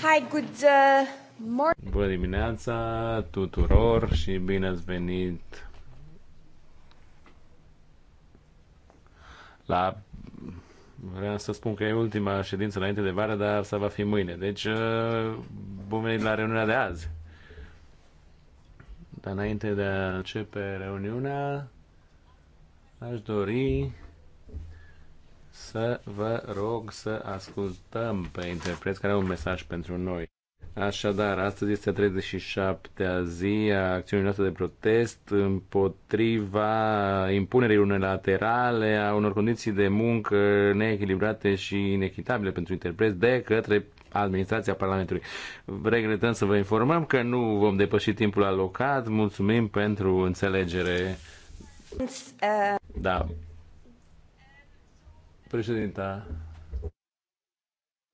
Hi, good uh, morning. Bună dimineața tuturor și bine ați venit la Vreau să spun că e ultima ședință înainte de vară, dar asta va fi mâine. Deci, uh, bun venit la reuniunea de azi. Dar înainte de a începe reuniunea, aș dori să vă rog să ascultăm pe interpreți care au un mesaj pentru noi. Așadar, astăzi este 37-a zi a acțiunii noastre de protest împotriva impunerii unilaterale a unor condiții de muncă neechilibrate și inechitabile pentru interpreți de către administrația Parlamentului. Regretăm să vă informăm că nu vom depăși timpul alocat. Mulțumim pentru înțelegere. Uh, da. Președinta,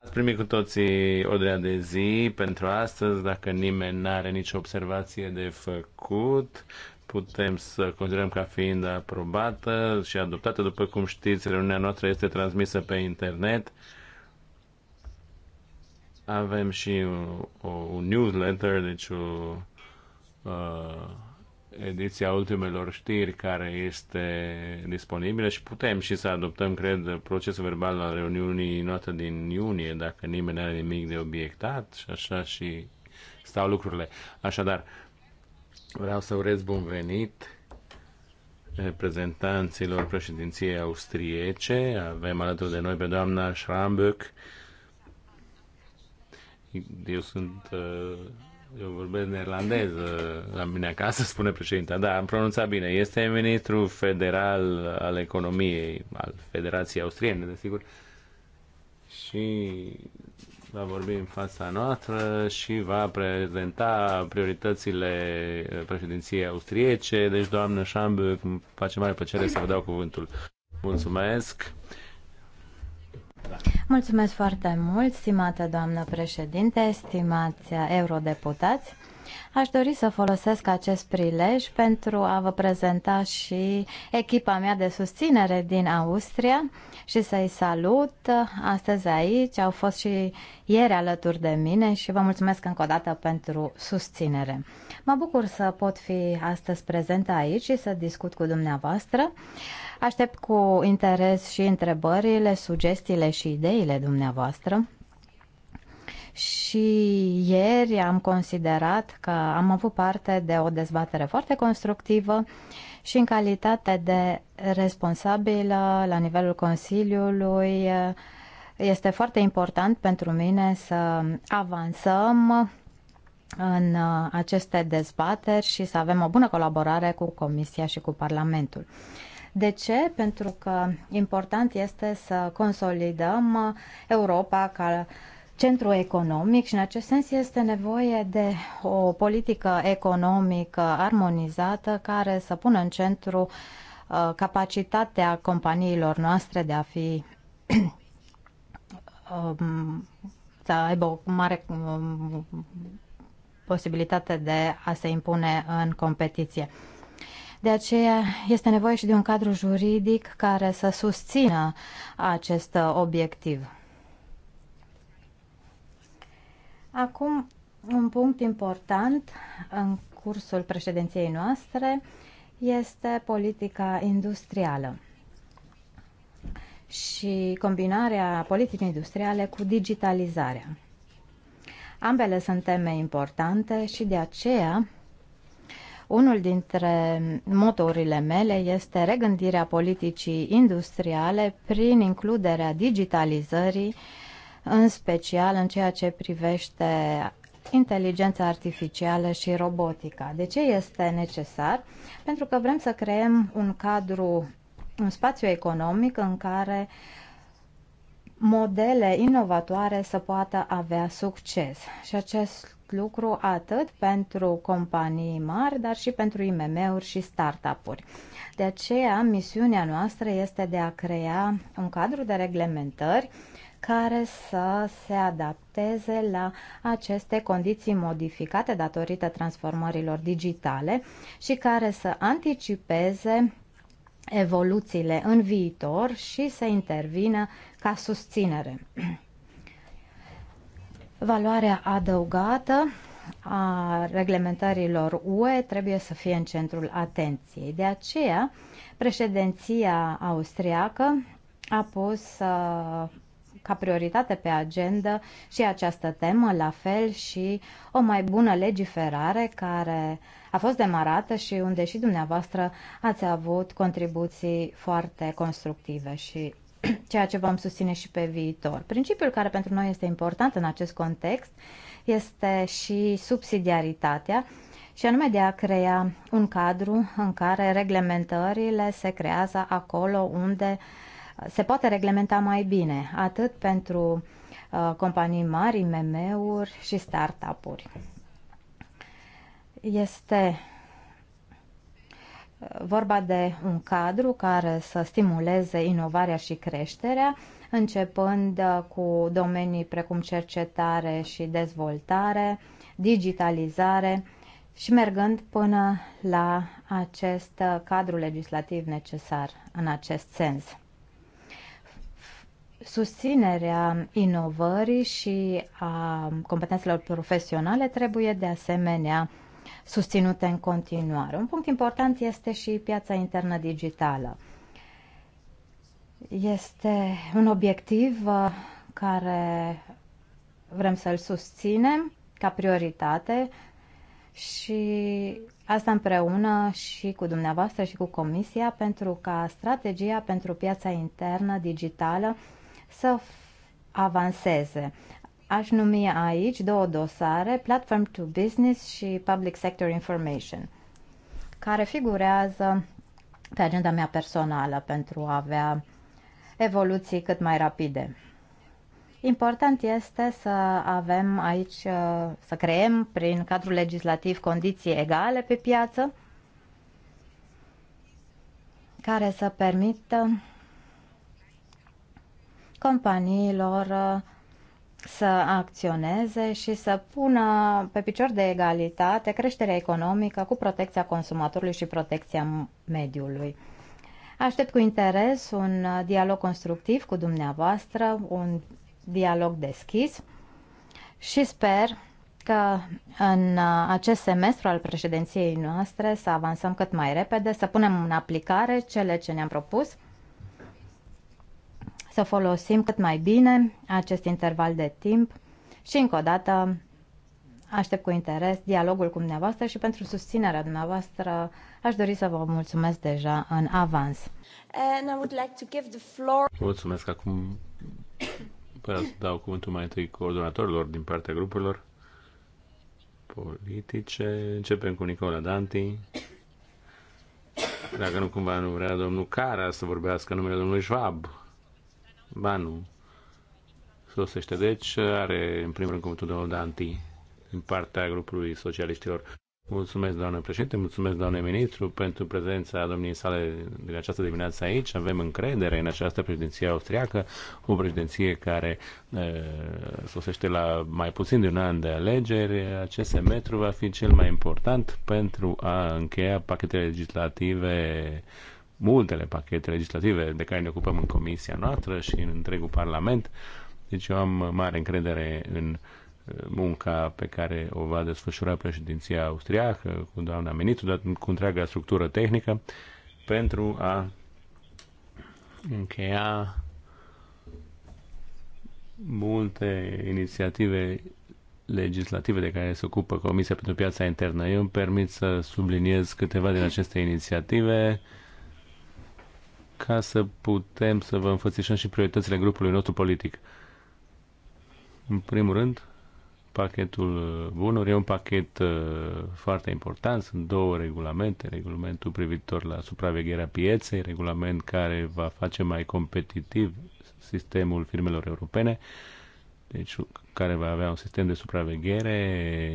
ați primit cu toții ordinea de zi pentru astăzi. Dacă nimeni nu are nicio observație de făcut, putem să considerăm ca fiind aprobată și adoptată. După cum știți, reuniunea noastră este transmisă pe internet. Avem și un, un newsletter, deci o, uh, ediția ultimelor știri care este disponibilă și putem și să adoptăm, cred, procesul verbal al reuniunii noastre din iunie, dacă nimeni nu are nimic de obiectat și așa și stau lucrurile. Așadar, vreau să urez bun venit reprezentanților președinției austriece. Avem alături de noi pe doamna Schramböck. Eu sunt uh, eu vorbesc neerlandez la mine acasă, spune președinte. Da, am pronunțat bine. Este ministru federal al economiei, al Federației Austriene, desigur. Și va vorbi în fața noastră și va prezenta prioritățile președinției austriece. Deci, doamnă Șambu, îmi face mare plăcere să vă dau cuvântul. Mulțumesc! Mulțumesc foarte mult, stimată doamnă președinte, stimați eurodeputați. Aș dori să folosesc acest prilej pentru a vă prezenta și echipa mea de susținere din Austria și să-i salut astăzi aici. Au fost și ieri alături de mine și vă mulțumesc încă o dată pentru susținere. Mă bucur să pot fi astăzi prezentă aici și să discut cu dumneavoastră. Aștept cu interes și întrebările, sugestiile și ideile dumneavoastră și ieri am considerat că am avut parte de o dezbatere foarte constructivă și în calitate de responsabilă la nivelul Consiliului este foarte important pentru mine să avansăm în aceste dezbateri și să avem o bună colaborare cu Comisia și cu Parlamentul. De ce? Pentru că important este să consolidăm Europa ca centru economic și în acest sens este nevoie de o politică economică armonizată care să pună în centru uh, capacitatea companiilor noastre de a fi um, să aibă o mare um, posibilitate de a se impune în competiție. De aceea este nevoie și de un cadru juridic care să susțină acest obiectiv. Acum, un punct important în cursul președinției noastre este politica industrială și combinarea politicii industriale cu digitalizarea. Ambele sunt teme importante și de aceea unul dintre motorile mele este regândirea politicii industriale prin includerea digitalizării în special în ceea ce privește inteligența artificială și robotica. De ce este necesar? Pentru că vrem să creăm un cadru, un spațiu economic în care modele inovatoare să poată avea succes. Și acest lucru atât pentru companii mari, dar și pentru IMM-uri și startup-uri. De aceea, misiunea noastră este de a crea un cadru de reglementări care să se adapteze la aceste condiții modificate datorită transformărilor digitale și care să anticipeze evoluțiile în viitor și să intervină ca susținere. Valoarea adăugată a reglementărilor UE trebuie să fie în centrul atenției. De aceea, președinția austriacă a pus uh, ca prioritate pe agenda și această temă, la fel și o mai bună legiferare care a fost demarată și unde și dumneavoastră ați avut contribuții foarte constructive și ceea ce vom susține și pe viitor. Principiul care pentru noi este important în acest context este și subsidiaritatea, și anume de a crea un cadru în care reglementările se creează acolo unde uh, se poate reglementa mai bine, atât pentru uh, companii mari, mm uri și startup-uri. Este uh, vorba de un cadru care să stimuleze inovarea și creșterea, începând uh, cu domenii precum cercetare și dezvoltare, digitalizare și mergând până la acest cadru legislativ necesar în acest sens. Susținerea inovării și a competențelor profesionale trebuie de asemenea susținute în continuare. Un punct important este și piața internă digitală. Este un obiectiv uh, care vrem să-l susținem ca prioritate și asta împreună și cu dumneavoastră și cu Comisia pentru ca strategia pentru piața internă digitală să avanseze. Aș numi aici două dosare, Platform to Business și Public Sector Information, care figurează pe agenda mea personală pentru a avea evoluții cât mai rapide. Important este să avem aici, uh, să creem prin cadrul legislativ condiții egale pe piață care să permită companiilor uh, să acționeze și să pună pe picior de egalitate creșterea economică cu protecția consumatorului și protecția mediului. Aștept cu interes un uh, dialog constructiv cu dumneavoastră, un dialog deschis și sper că în uh, acest semestru al președinției noastre să avansăm cât mai repede, să punem în aplicare cele ce ne-am propus să folosim cât mai bine acest interval de timp și încă o dată aștept cu interes dialogul cu dumneavoastră și pentru susținerea dumneavoastră aș dori să vă mulțumesc deja în avans. And I would like to give the floor... Mulțumesc acum. Păi să dau cuvântul mai întâi coordonatorilor din partea grupurilor politice. Începem cu Nicola Danti. Dacă nu cumva nu vrea domnul Cara să vorbească numele domnului Schwab. Ba nu. Sosește. Deci are în primul rând cuvântul domnul Danti din partea grupului socialiștilor. Mulțumesc, doamnă președinte, mulțumesc, doamnă ministru, pentru prezența domniei sale din această dimineață aici. Avem încredere în această președinție austriacă, o președinție care e, sosește la mai puțin de un an de alegeri. Acest semestru va fi cel mai important pentru a încheia pachetele legislative multele pachete legislative de care ne ocupăm în comisia noastră și în întregul Parlament. Deci eu am mare încredere în uh, munca pe care o va desfășura președinția austriacă cu doamna Menitu, dar cu întreaga structură tehnică, pentru a încheia multe inițiative legislative de care se ocupă Comisia pentru Piața Internă. Eu îmi permit să subliniez câteva din aceste inițiative ca să putem să vă înfățișăm și prioritățile grupului nostru politic. În primul rând, pachetul uh, bunuri e un pachet uh, foarte important. Sunt două regulamente. Regulamentul privitor la supravegherea pieței, regulament care va face mai competitiv sistemul firmelor europene, deci care va avea un sistem de supraveghere,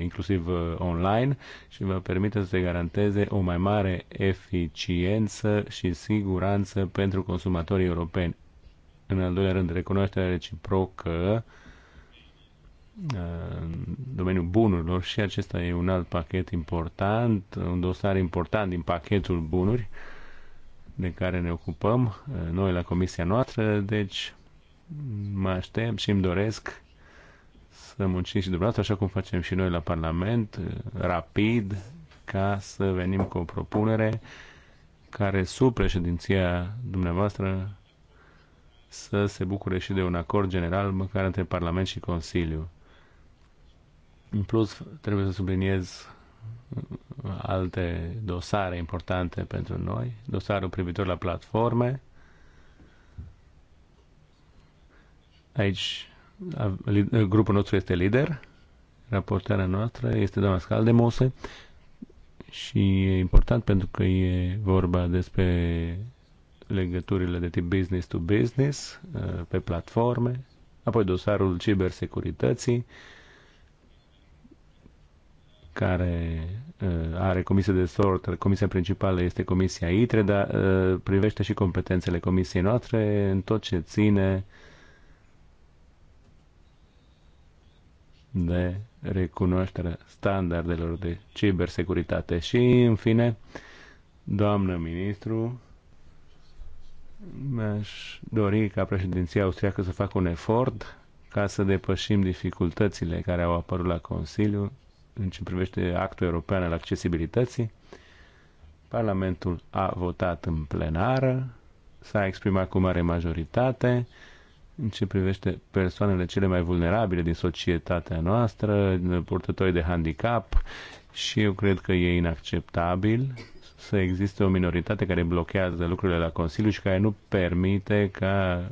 inclusiv uh, online, și va permite să se garanteze o mai mare eficiență și siguranță pentru consumatorii europeni. În al doilea rând, recunoașterea reciprocă uh, în domeniul bunurilor și acesta e un alt pachet important, un dosar important din pachetul bunuri de care ne ocupăm uh, noi la comisia noastră, deci mă aștept și îmi doresc să muncim și dumneavoastră, așa cum facem și noi la Parlament, eh, rapid, ca să venim cu o propunere care sub președinția dumneavoastră să se bucure și de un acord general, măcar între Parlament și Consiliu. În plus, trebuie să subliniez eh, alte dosare importante pentru noi, dosarul privitor la platforme. Aici grupul nostru este lider, raportarea noastră este doamna Scaldemose și e important pentru că e vorba despre legăturile de tip business to business uh, pe platforme, apoi dosarul cibersecurității care uh, are comisie de sort, comisia principală este comisia ITRE, dar uh, privește și competențele comisiei noastre în tot ce ține uh, de recunoașterea standardelor de cibersecuritate. Și, în fine, doamnă ministru, mi-aș dori ca președinția austriacă să facă un efort ca să depășim dificultățile care au apărut la Consiliu în ce privește actul european al accesibilității. Parlamentul a votat în plenară, s-a exprimat cu mare majoritate, în ce privește persoanele cele mai vulnerabile din societatea noastră, purtătorii de handicap și eu cred că e inacceptabil să existe o minoritate care blochează lucrurile la Consiliu și care nu permite ca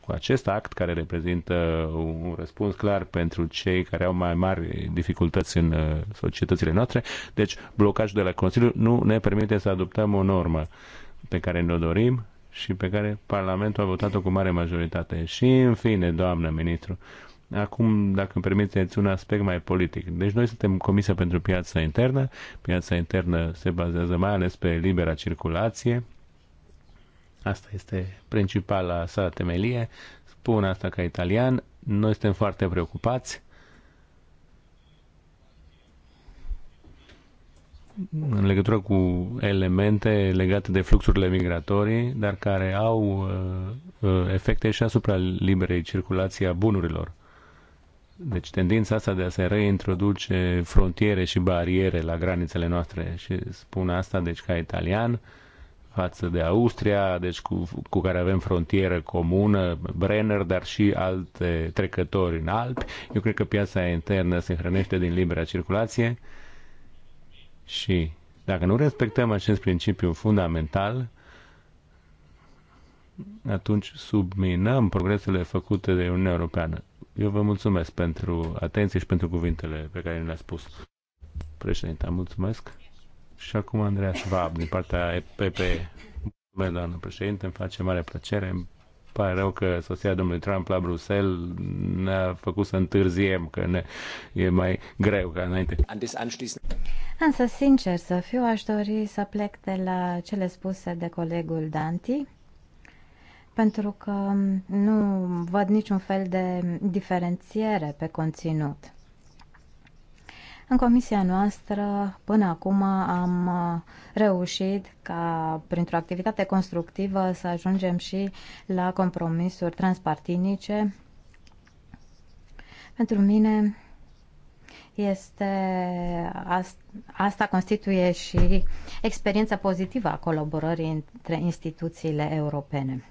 cu acest act care reprezintă un răspuns clar pentru cei care au mai mari dificultăți în uh, societățile noastre, deci blocajul de la Consiliu nu ne permite să adoptăm o normă pe care ne-o dorim și pe care Parlamentul a votat-o cu mare majoritate. Și, în fine, doamnă ministru, acum, dacă îmi permiteți, un aspect mai politic. Deci noi suntem Comisia pentru Piața Internă. Piața internă se bazează mai ales pe libera circulație. Asta este principala sa temelie. Spun asta ca italian. Noi suntem foarte preocupați în legătură cu elemente legate de fluxurile migratorii, dar care au uh, uh, efecte și asupra liberei circulații a bunurilor. Deci tendința asta de a se reintroduce frontiere și bariere la granițele noastre și spun asta deci ca italian față de Austria, deci cu, cu care avem frontieră comună, Brenner, dar și alte trecători în Alpi. Eu cred că piața internă se hrănește din libera circulație și dacă nu respectăm acest principiu fundamental, atunci subminăm progresele făcute de Uniunea Europeană. Eu vă mulțumesc pentru atenție și pentru cuvintele pe care le-a spus. Președinte, mulțumesc. Și acum Andreea Schwab, din partea EPP. Mulțumesc, doamnă președinte, îmi face mare plăcere pare rău că sosia domnului Trump la Bruxelles ne-a făcut să întârziem, că ne, e mai greu ca înainte. Însă, sincer să fiu, aș dori să plec de la cele spuse de colegul Danti, pentru că nu văd niciun fel de diferențiere pe conținut. În comisia noastră, până acum, am uh, reușit ca, printr-o activitate constructivă, să ajungem și la compromisuri transpartinice. Pentru mine este asta constituie și experiența pozitivă a colaborării între instituțiile europene.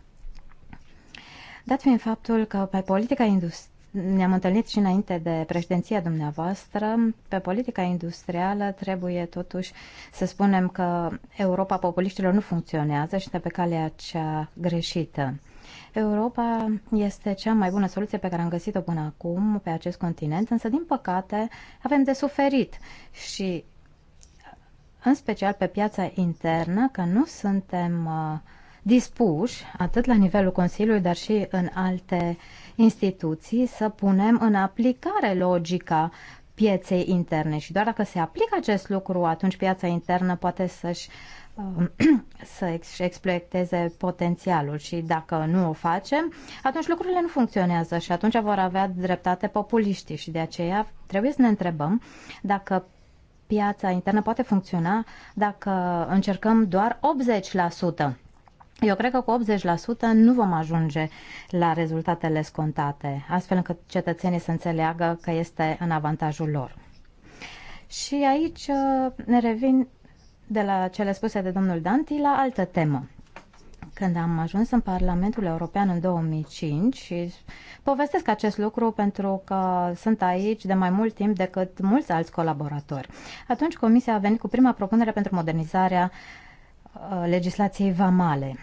Dat fiind faptul că pe politica industrială ne-am întâlnit și înainte de președinția dumneavoastră. Pe politica industrială trebuie totuși să spunem că Europa populiștilor nu funcționează și este pe calea cea greșită. Europa este cea mai bună soluție pe care am găsit-o până acum pe acest continent, însă, din păcate, avem de suferit și, în special pe piața internă, că nu suntem uh, dispuși, atât la nivelul Consiliului, dar și în alte uh, instituții să punem în aplicare logica pieței interne și doar dacă se aplică acest lucru, atunci piața internă poate să-și um, să exploateze potențialul și dacă nu o facem, atunci lucrurile nu funcționează și atunci vor avea dreptate populiștii și de aceea trebuie să ne întrebăm dacă piața internă poate funcționa dacă încercăm doar 80%. Eu cred că cu 80% nu vom ajunge la rezultatele scontate, astfel încât cetățenii să înțeleagă că este în avantajul lor. Și aici uh, ne revin de la cele spuse de domnul Danti la altă temă. Când am ajuns în Parlamentul European în 2005 și povestesc acest lucru pentru că sunt aici de mai mult timp decât mulți alți colaboratori. Atunci Comisia a venit cu prima propunere pentru modernizarea uh, Uh, legislației vamale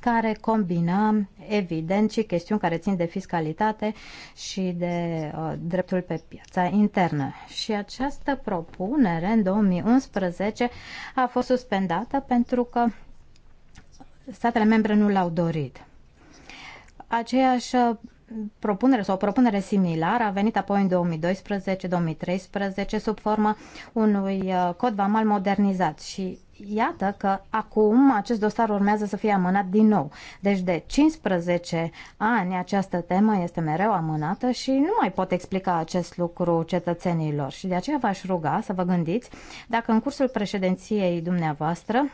care combina, evident, și chestiuni care țin de fiscalitate și de uh, dreptul pe piața internă. Și această propunere, în 2011, a fost suspendată pentru că statele membre nu l-au dorit. Aceeași uh, propunere sau o propunere similară a venit apoi în 2012-2013 sub forma unui uh, cod vamal modernizat și iată că acum acest dosar urmează să fie amânat din nou. Deci de 15 ani această temă este mereu amânată și nu mai pot explica acest lucru cetățenilor și de aceea v-aș ruga să vă gândiți dacă în cursul președinției dumneavoastră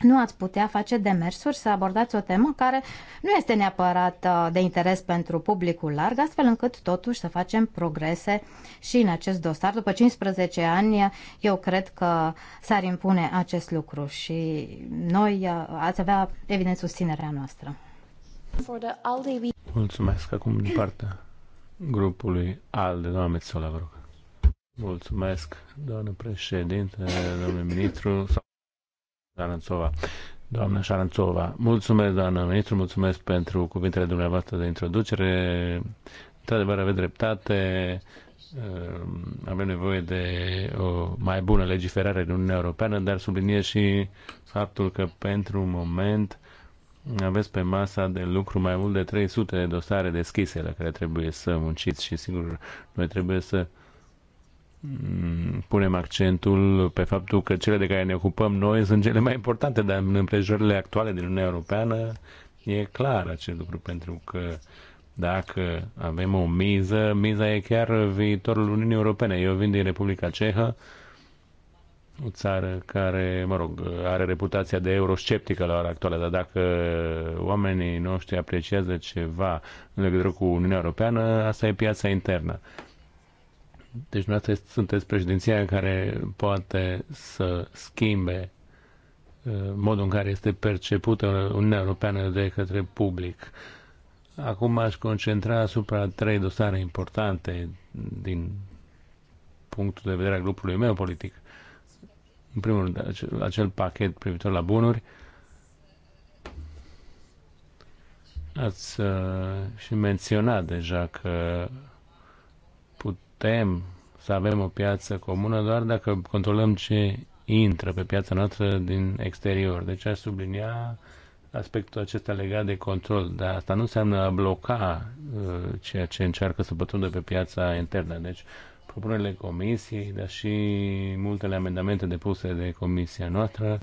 nu ați putea face demersuri să abordați o temă care nu este neapărat uh, de interes pentru publicul larg, astfel încât totuși să facem progrese și în acest dosar. După 15 ani, eu cred că s-ar impune acest lucru și noi uh, ați avea, evident, susținerea noastră. Mulțumesc. Acum din partea grupului ALDE, doamna Metzola, vă rog. Mulțumesc, doamnă președinte, domnule ministru. Șaranțova. Doamna Șaranțova, mulțumesc, doamnă ministru, mulțumesc pentru cuvintele dumneavoastră de introducere. Într-adevăr, aveți dreptate. Ehm, avem nevoie de o mai bună legiferare în Uniunea Europeană, dar subliniez și faptul că pentru un moment aveți pe masa de lucru mai mult de 300 de dosare deschise la care trebuie să munciți și sigur noi trebuie să Mm, punem accentul pe faptul că cele de care ne ocupăm noi sunt cele mai importante, dar în împrejurările actuale din Uniunea Europeană e clar acest lucru, pentru că dacă avem o miză, miza e chiar viitorul Uniunii Europene. Eu vin din Republica Cehă, o țară care, mă rog, are reputația de eurosceptică la ora actuală, dar dacă oamenii noștri apreciază ceva în legătură cu Uniunea Europeană, asta e piața internă. Deci dumneavoastră sunteți președinția care poate să schimbe uh, modul în care este percepută Uniunea Europeană de către public. Acum aș concentra asupra trei dosare importante din punctul de vedere al grupului meu politic. În primul rând, acel, acel pachet privitor la bunuri. Ați uh, și menționat deja că putem să avem o piață comună doar dacă controlăm ce intră pe piața noastră din exterior. Deci aș sublinia aspectul acesta legat de control, dar asta nu înseamnă a bloca uh, ceea ce încearcă să pătrundă pe piața internă. Deci propunerile comisiei, dar și multele amendamente depuse de comisia noastră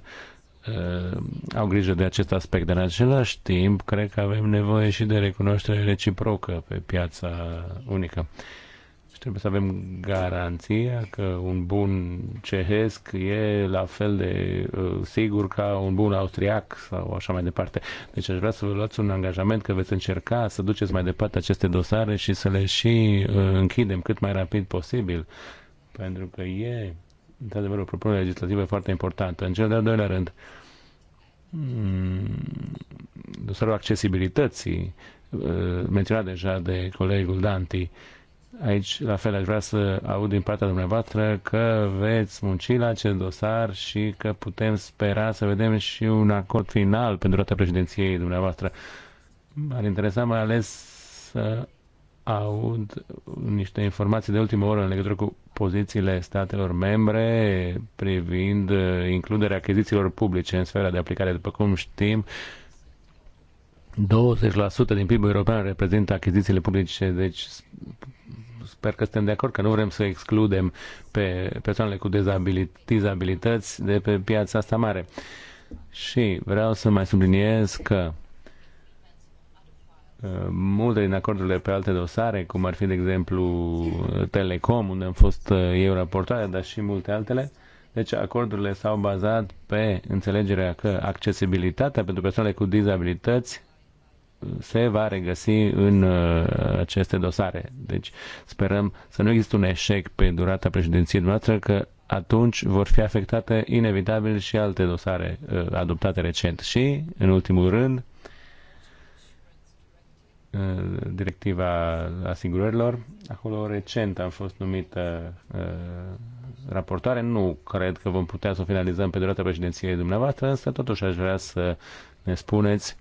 uh, au grijă de acest aspect. Dar în același timp, cred că avem nevoie și de recunoaștere reciprocă pe piața unică. Uh, și trebuie să avem garanția că un bun cehesc e la fel de uh, sigur ca un bun austriac sau așa mai departe. Deci aș vrea să vă luați un angajament că veți încerca să duceți mai departe aceste dosare și să le și uh, închidem cât mai rapid posibil. Pentru că e, într-adevăr, o propunere legislativă foarte importantă. În cel de-al doilea rând, mm, dosarul accesibilității, uh, menționat deja de colegul Danti, Aici, la fel, aș vrea să aud din partea dumneavoastră că veți munci la acest dosar și că putem spera să vedem și un acord final pentru toată președinției dumneavoastră. M-ar interesa mai ales să aud niște informații de ultimă oră în legătură cu pozițiile statelor membre privind uh, includerea achizițiilor publice în sfera de aplicare. După cum știm, 20% din PIB-ul european reprezintă achizițiile publice, deci sper că suntem de acord că nu vrem să excludem pe persoanele cu dizabilități de pe piața asta mare. Și vreau să mai subliniez că uh, multe din acordurile pe alte dosare, cum ar fi, de exemplu, Telecom, unde am fost uh, eu raportoare, dar și multe altele, deci acordurile s-au bazat pe înțelegerea că accesibilitatea pentru persoanele cu dizabilități se va regăsi în uh, aceste dosare. Deci sperăm să nu există un eșec pe durata președinției noastre, că atunci vor fi afectate inevitabil și alte dosare uh, adoptate recent. Și, în ultimul rând, uh, directiva asigurărilor. Acolo recent am fost numită raportoare. Nu cred că vom putea să o finalizăm pe durata președinției dumneavoastră, însă totuși aș vrea să ne spuneți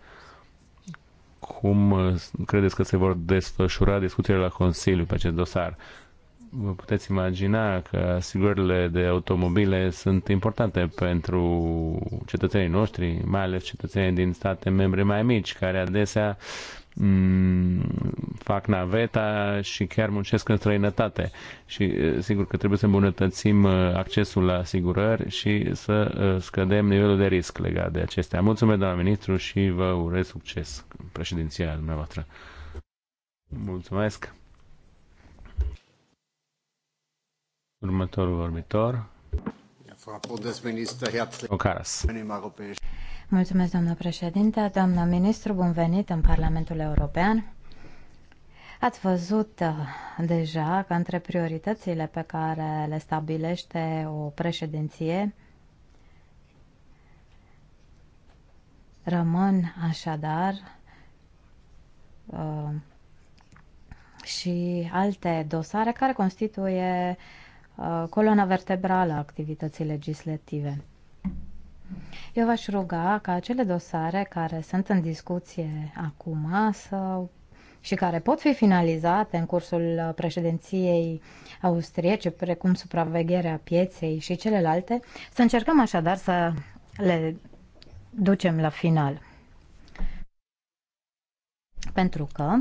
cum uh, credeți că se vor desfășura discuțiile la Consiliu pe acest dosar? Vă puteți imagina că asigurările de automobile sunt importante pentru cetățenii noștri, mai ales cetățenii din state membre mai mici, care adesea uh, Mm, fac naveta și chiar muncesc în străinătate. Și sigur că trebuie să îmbunătățim accesul la asigurări și să scădem nivelul de risc legat de acestea. Mulțumesc, doamna ministru, și vă urez succes în președinția dumneavoastră. Mulțumesc. Următorul vorbitor. Frau Bundesminister, herzlich willkommen Mulțumesc, doamnă președinte, doamnă ministru, bun venit în Parlamentul European. Ați văzut uh, deja că între prioritățile pe care le stabilește o președinție rămân așadar uh, și alte dosare care constituie uh, coloana vertebrală a activității legislative. Eu v-aș ruga ca acele dosare care sunt în discuție acum să și care pot fi finalizate în cursul președinției austriece, precum supravegherea pieței și celelalte, să încercăm așadar să le ducem la final. Pentru că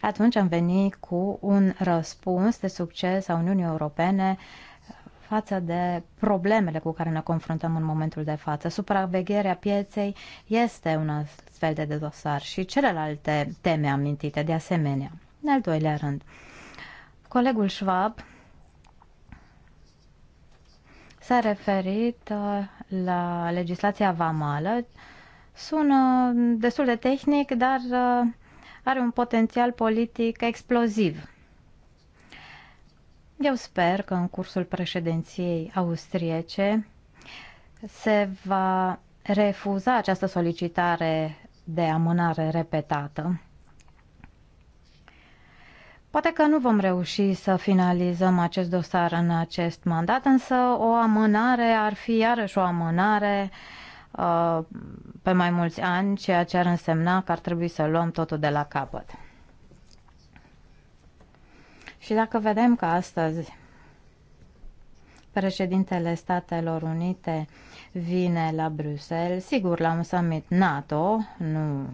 atunci am venit cu un răspuns de succes a Uniunii Europene uh, față de problemele cu care ne confruntăm în momentul de față. Supravegherea pieței este un astfel de dosar și celelalte teme amintite de asemenea. În al doilea rând, colegul Schwab s-a referit uh, la legislația vamală. Sună destul de tehnic, dar uh, are un potențial politic exploziv. Eu sper că în cursul președinției austriece se va refuza această solicitare de amânare repetată. Poate că nu vom reuși să finalizăm acest dosar în acest mandat, însă o amânare ar fi iarăși o amânare uh, pe mai mulți ani, ceea ce ar însemna că ar trebui să luăm totul de la capăt. Și dacă vedem că astăzi președintele Statelor Unite vine la Bruxelles, sigur la un summit NATO, nu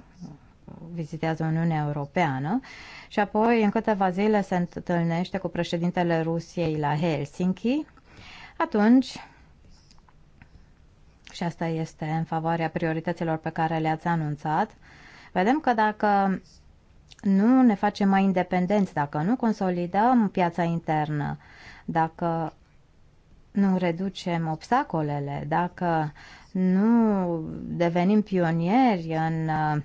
vizitează Uniunea Europeană și apoi în câteva zile se întâlnește cu președintele Rusiei la Helsinki, atunci și asta este în favoarea priorităților pe care le-ați anunțat, vedem că dacă nu ne facem mai independenți, dacă nu consolidăm piața internă, dacă nu reducem obstacolele, dacă nu devenim pionieri în uh,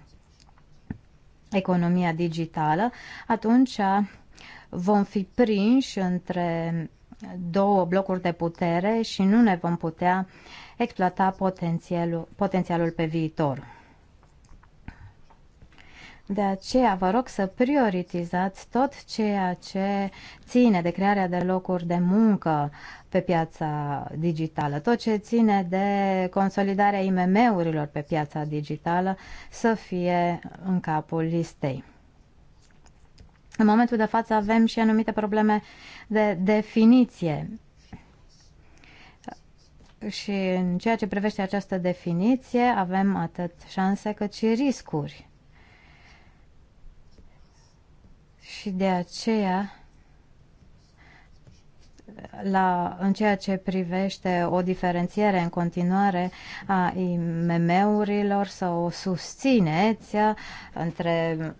economia digitală, atunci uh, vom fi prinși între două blocuri de putere și nu ne vom putea exploata potențialul, potențialul pe viitor. De aceea vă rog să prioritizați tot ceea ce ține de crearea de locuri de muncă pe piața digitală, tot ce ține de consolidarea IMM-urilor pe piața digitală să fie în capul listei. În momentul de față avem și anumite probleme de definiție. Și în ceea ce privește această definiție avem atât șanse cât și riscuri. Și de aceea, la, în ceea ce privește o diferențiere în continuare a IMM-urilor, sau o susțineți între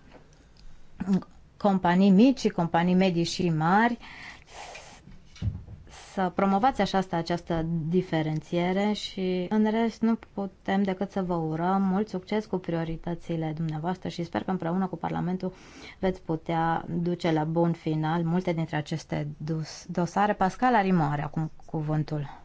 companii mici și companii medii și mari, uh, să promovați așa asta, această diferențiere și în rest nu putem decât să vă urăm mult succes cu prioritățile dumneavoastră și sper că împreună cu Parlamentul veți putea duce la bun final multe dintre aceste dosare. Pascal Arimo are acum cuvântul.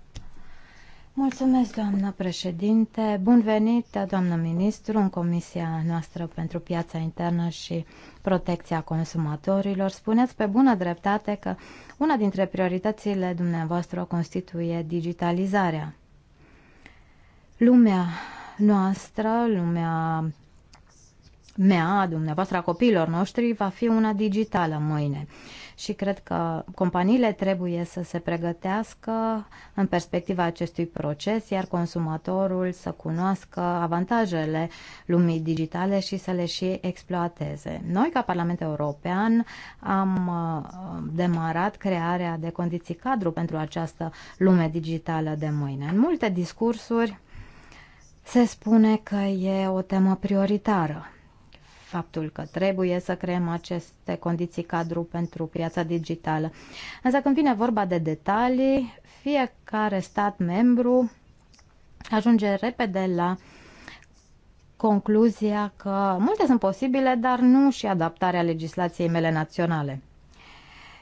Mulțumesc, doamnă președinte. Bun venit, doamnă ministru, în Comisia noastră pentru piața internă și protecția consumatorilor. Spuneți pe bună dreptate că una dintre prioritățile dumneavoastră o constituie digitalizarea. Lumea noastră, lumea mea, a dumneavoastră, a copiilor noștri, va fi una digitală mâine. Și cred că companiile trebuie să se pregătească în perspectiva acestui proces, iar consumatorul să cunoască avantajele lumii digitale și să le și exploateze. Noi, ca Parlament European, am uh, demarat crearea de condiții cadru pentru această lume digitală de mâine. În multe discursuri se spune că e o temă prioritară faptul că trebuie să creăm aceste condiții cadru pentru piața digitală. Însă când vine vorba de detalii, fiecare stat membru ajunge repede la concluzia că multe sunt posibile, dar nu și adaptarea legislației mele naționale.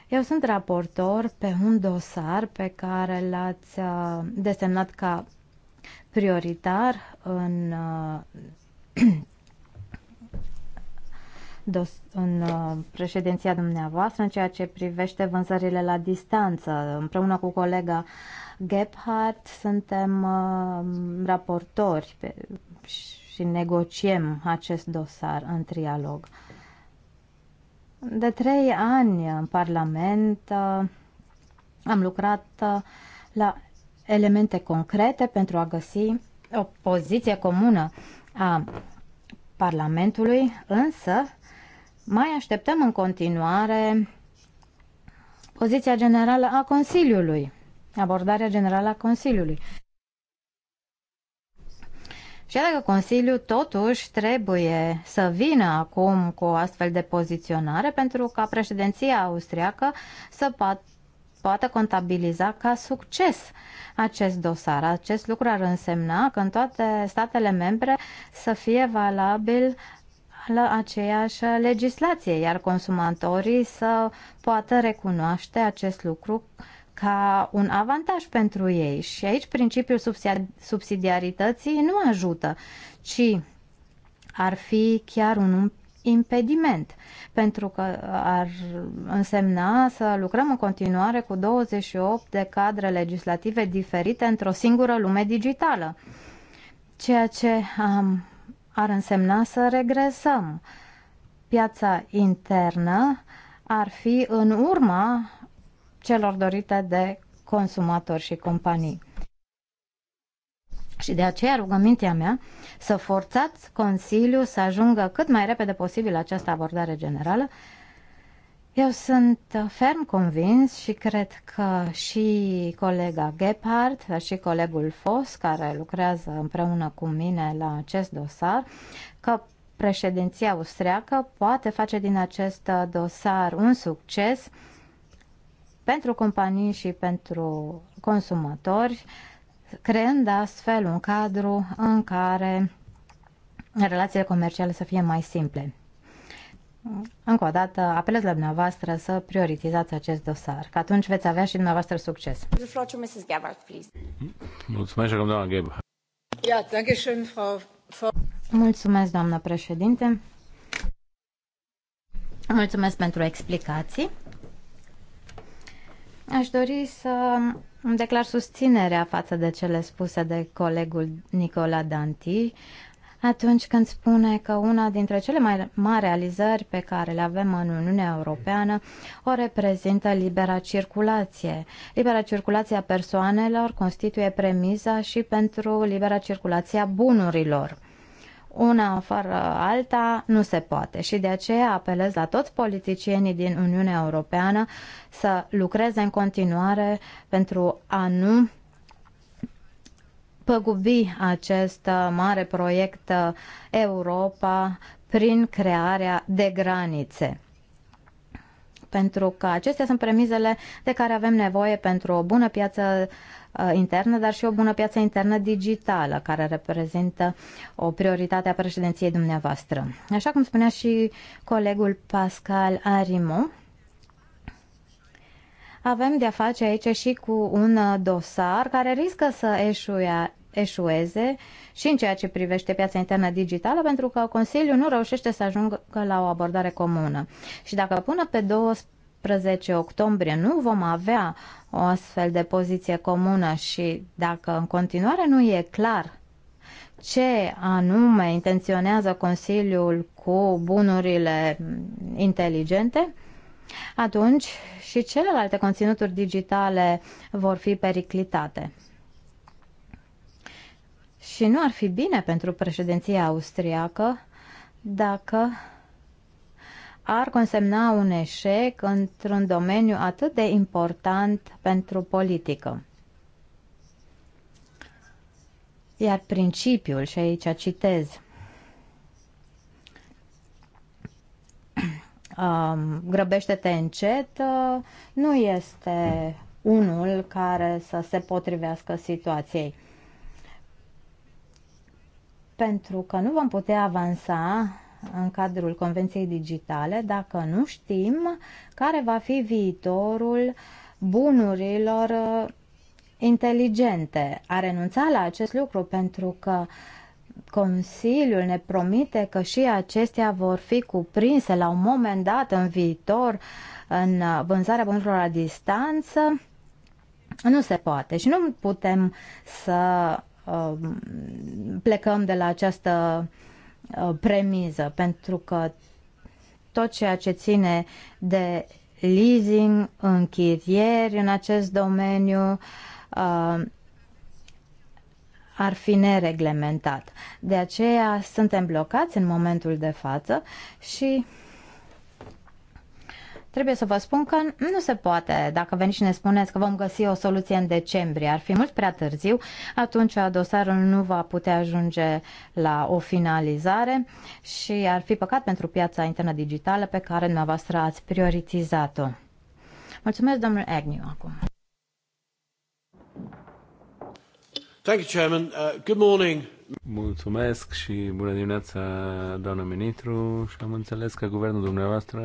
Eu sunt raportor pe un dosar pe care l-ați uh, desemnat ca prioritar în uh, în uh, președinția dumneavoastră în ceea ce privește vânzările la distanță. Împreună cu colega Gebhardt suntem uh, raportori și negociem acest dosar în trialog. De trei ani în Parlament uh, am lucrat la elemente concrete pentru a găsi o poziție comună a Parlamentului, însă mai așteptăm în continuare poziția generală a Consiliului, abordarea generală a Consiliului. Și dacă Consiliul totuși trebuie să vină acum cu o astfel de poziționare pentru ca președinția austriacă să poată contabiliza ca succes acest dosar. Acest lucru ar însemna că în toate statele membre să fie valabil la aceeași legislație, iar consumatorii să poată recunoaște acest lucru ca un avantaj pentru ei. Și aici principiul subsidiarității nu ajută, ci ar fi chiar un impediment, pentru că uh, ar însemna să lucrăm în continuare cu 28 de cadre legislative diferite într-o singură lume digitală, ceea ce um, ar însemna să regresăm. Piața internă ar fi în urma celor dorite de consumatori și companii. Și de aceea rugămintea mea să forțați Consiliul să ajungă cât mai repede posibil această abordare generală. Eu sunt ferm convins și cred că și colega Gephardt, dar și colegul Fos, care lucrează împreună cu mine la acest dosar, că președinția austriacă poate face din acest dosar un succes pentru companii și pentru consumatori creând astfel un cadru în care relațiile comerciale să fie mai simple. Încă o dată, apelez la dumneavoastră să prioritizați acest dosar, că atunci veți avea și dumneavoastră succes. Mulțumesc, doamna Mulțumesc, doamnă președinte. Mulțumesc pentru explicații. Aș dori să îmi declar susținerea față de cele spuse de colegul Nicola Danti atunci când spune că una dintre cele mai mari realizări pe care le avem în Uniunea Europeană o reprezintă libera circulație. Libera circulație a persoanelor constituie premiza și pentru libera circulație a bunurilor una fără alta nu se poate și de aceea apelez la toți politicienii din Uniunea Europeană să lucreze în continuare pentru a nu păgubi acest uh, mare proiect uh, Europa prin crearea de granițe pentru că acestea sunt premizele de care avem nevoie pentru o bună piață uh, internă, dar și o bună piață internă digitală, care reprezintă o prioritate a președinției dumneavoastră. Așa cum spunea și colegul Pascal Arimo, avem de-a face aici și cu un dosar care riscă să eșuia, eșueze și în ceea ce privește piața internă digitală, pentru că Consiliul nu reușește să ajungă la o abordare comună. Și dacă până pe 12 octombrie nu vom avea o astfel de poziție comună și dacă în continuare nu e clar ce anume intenționează Consiliul cu bunurile inteligente, atunci și celelalte conținuturi digitale vor fi periclitate. Și nu ar fi bine pentru președinția austriacă dacă ar consemna un eșec într-un domeniu atât de important pentru politică. Iar principiul, și aici citez, um, grăbește-te încet, uh, nu este unul care să se potrivească situației pentru că nu vom putea avansa în cadrul Convenției Digitale dacă nu știm care va fi viitorul bunurilor uh, inteligente. A renunța la acest lucru pentru că Consiliul ne promite că și acestea vor fi cuprinse la un moment dat în viitor în uh, vânzarea bunurilor la distanță. Nu se poate și nu putem să Um, plecăm de la această uh, premiză, pentru că tot ceea ce ține de leasing, închirieri în acest domeniu uh, ar fi nereglementat. De aceea suntem blocați în momentul de față și Trebuie să vă spun că nu se poate. Dacă veniți și ne spuneți că vom găsi o soluție în decembrie, ar fi mult prea târziu, atunci dosarul nu va putea ajunge la o finalizare și ar fi păcat pentru piața internă digitală pe care dumneavoastră ați prioritizat-o. Mulțumesc, domnul Agnew, acum. Thank you, Chairman. Uh, good morning. Mulțumesc și bună dimineața, doamnă ministru. Și am înțeles că guvernul dumneavoastră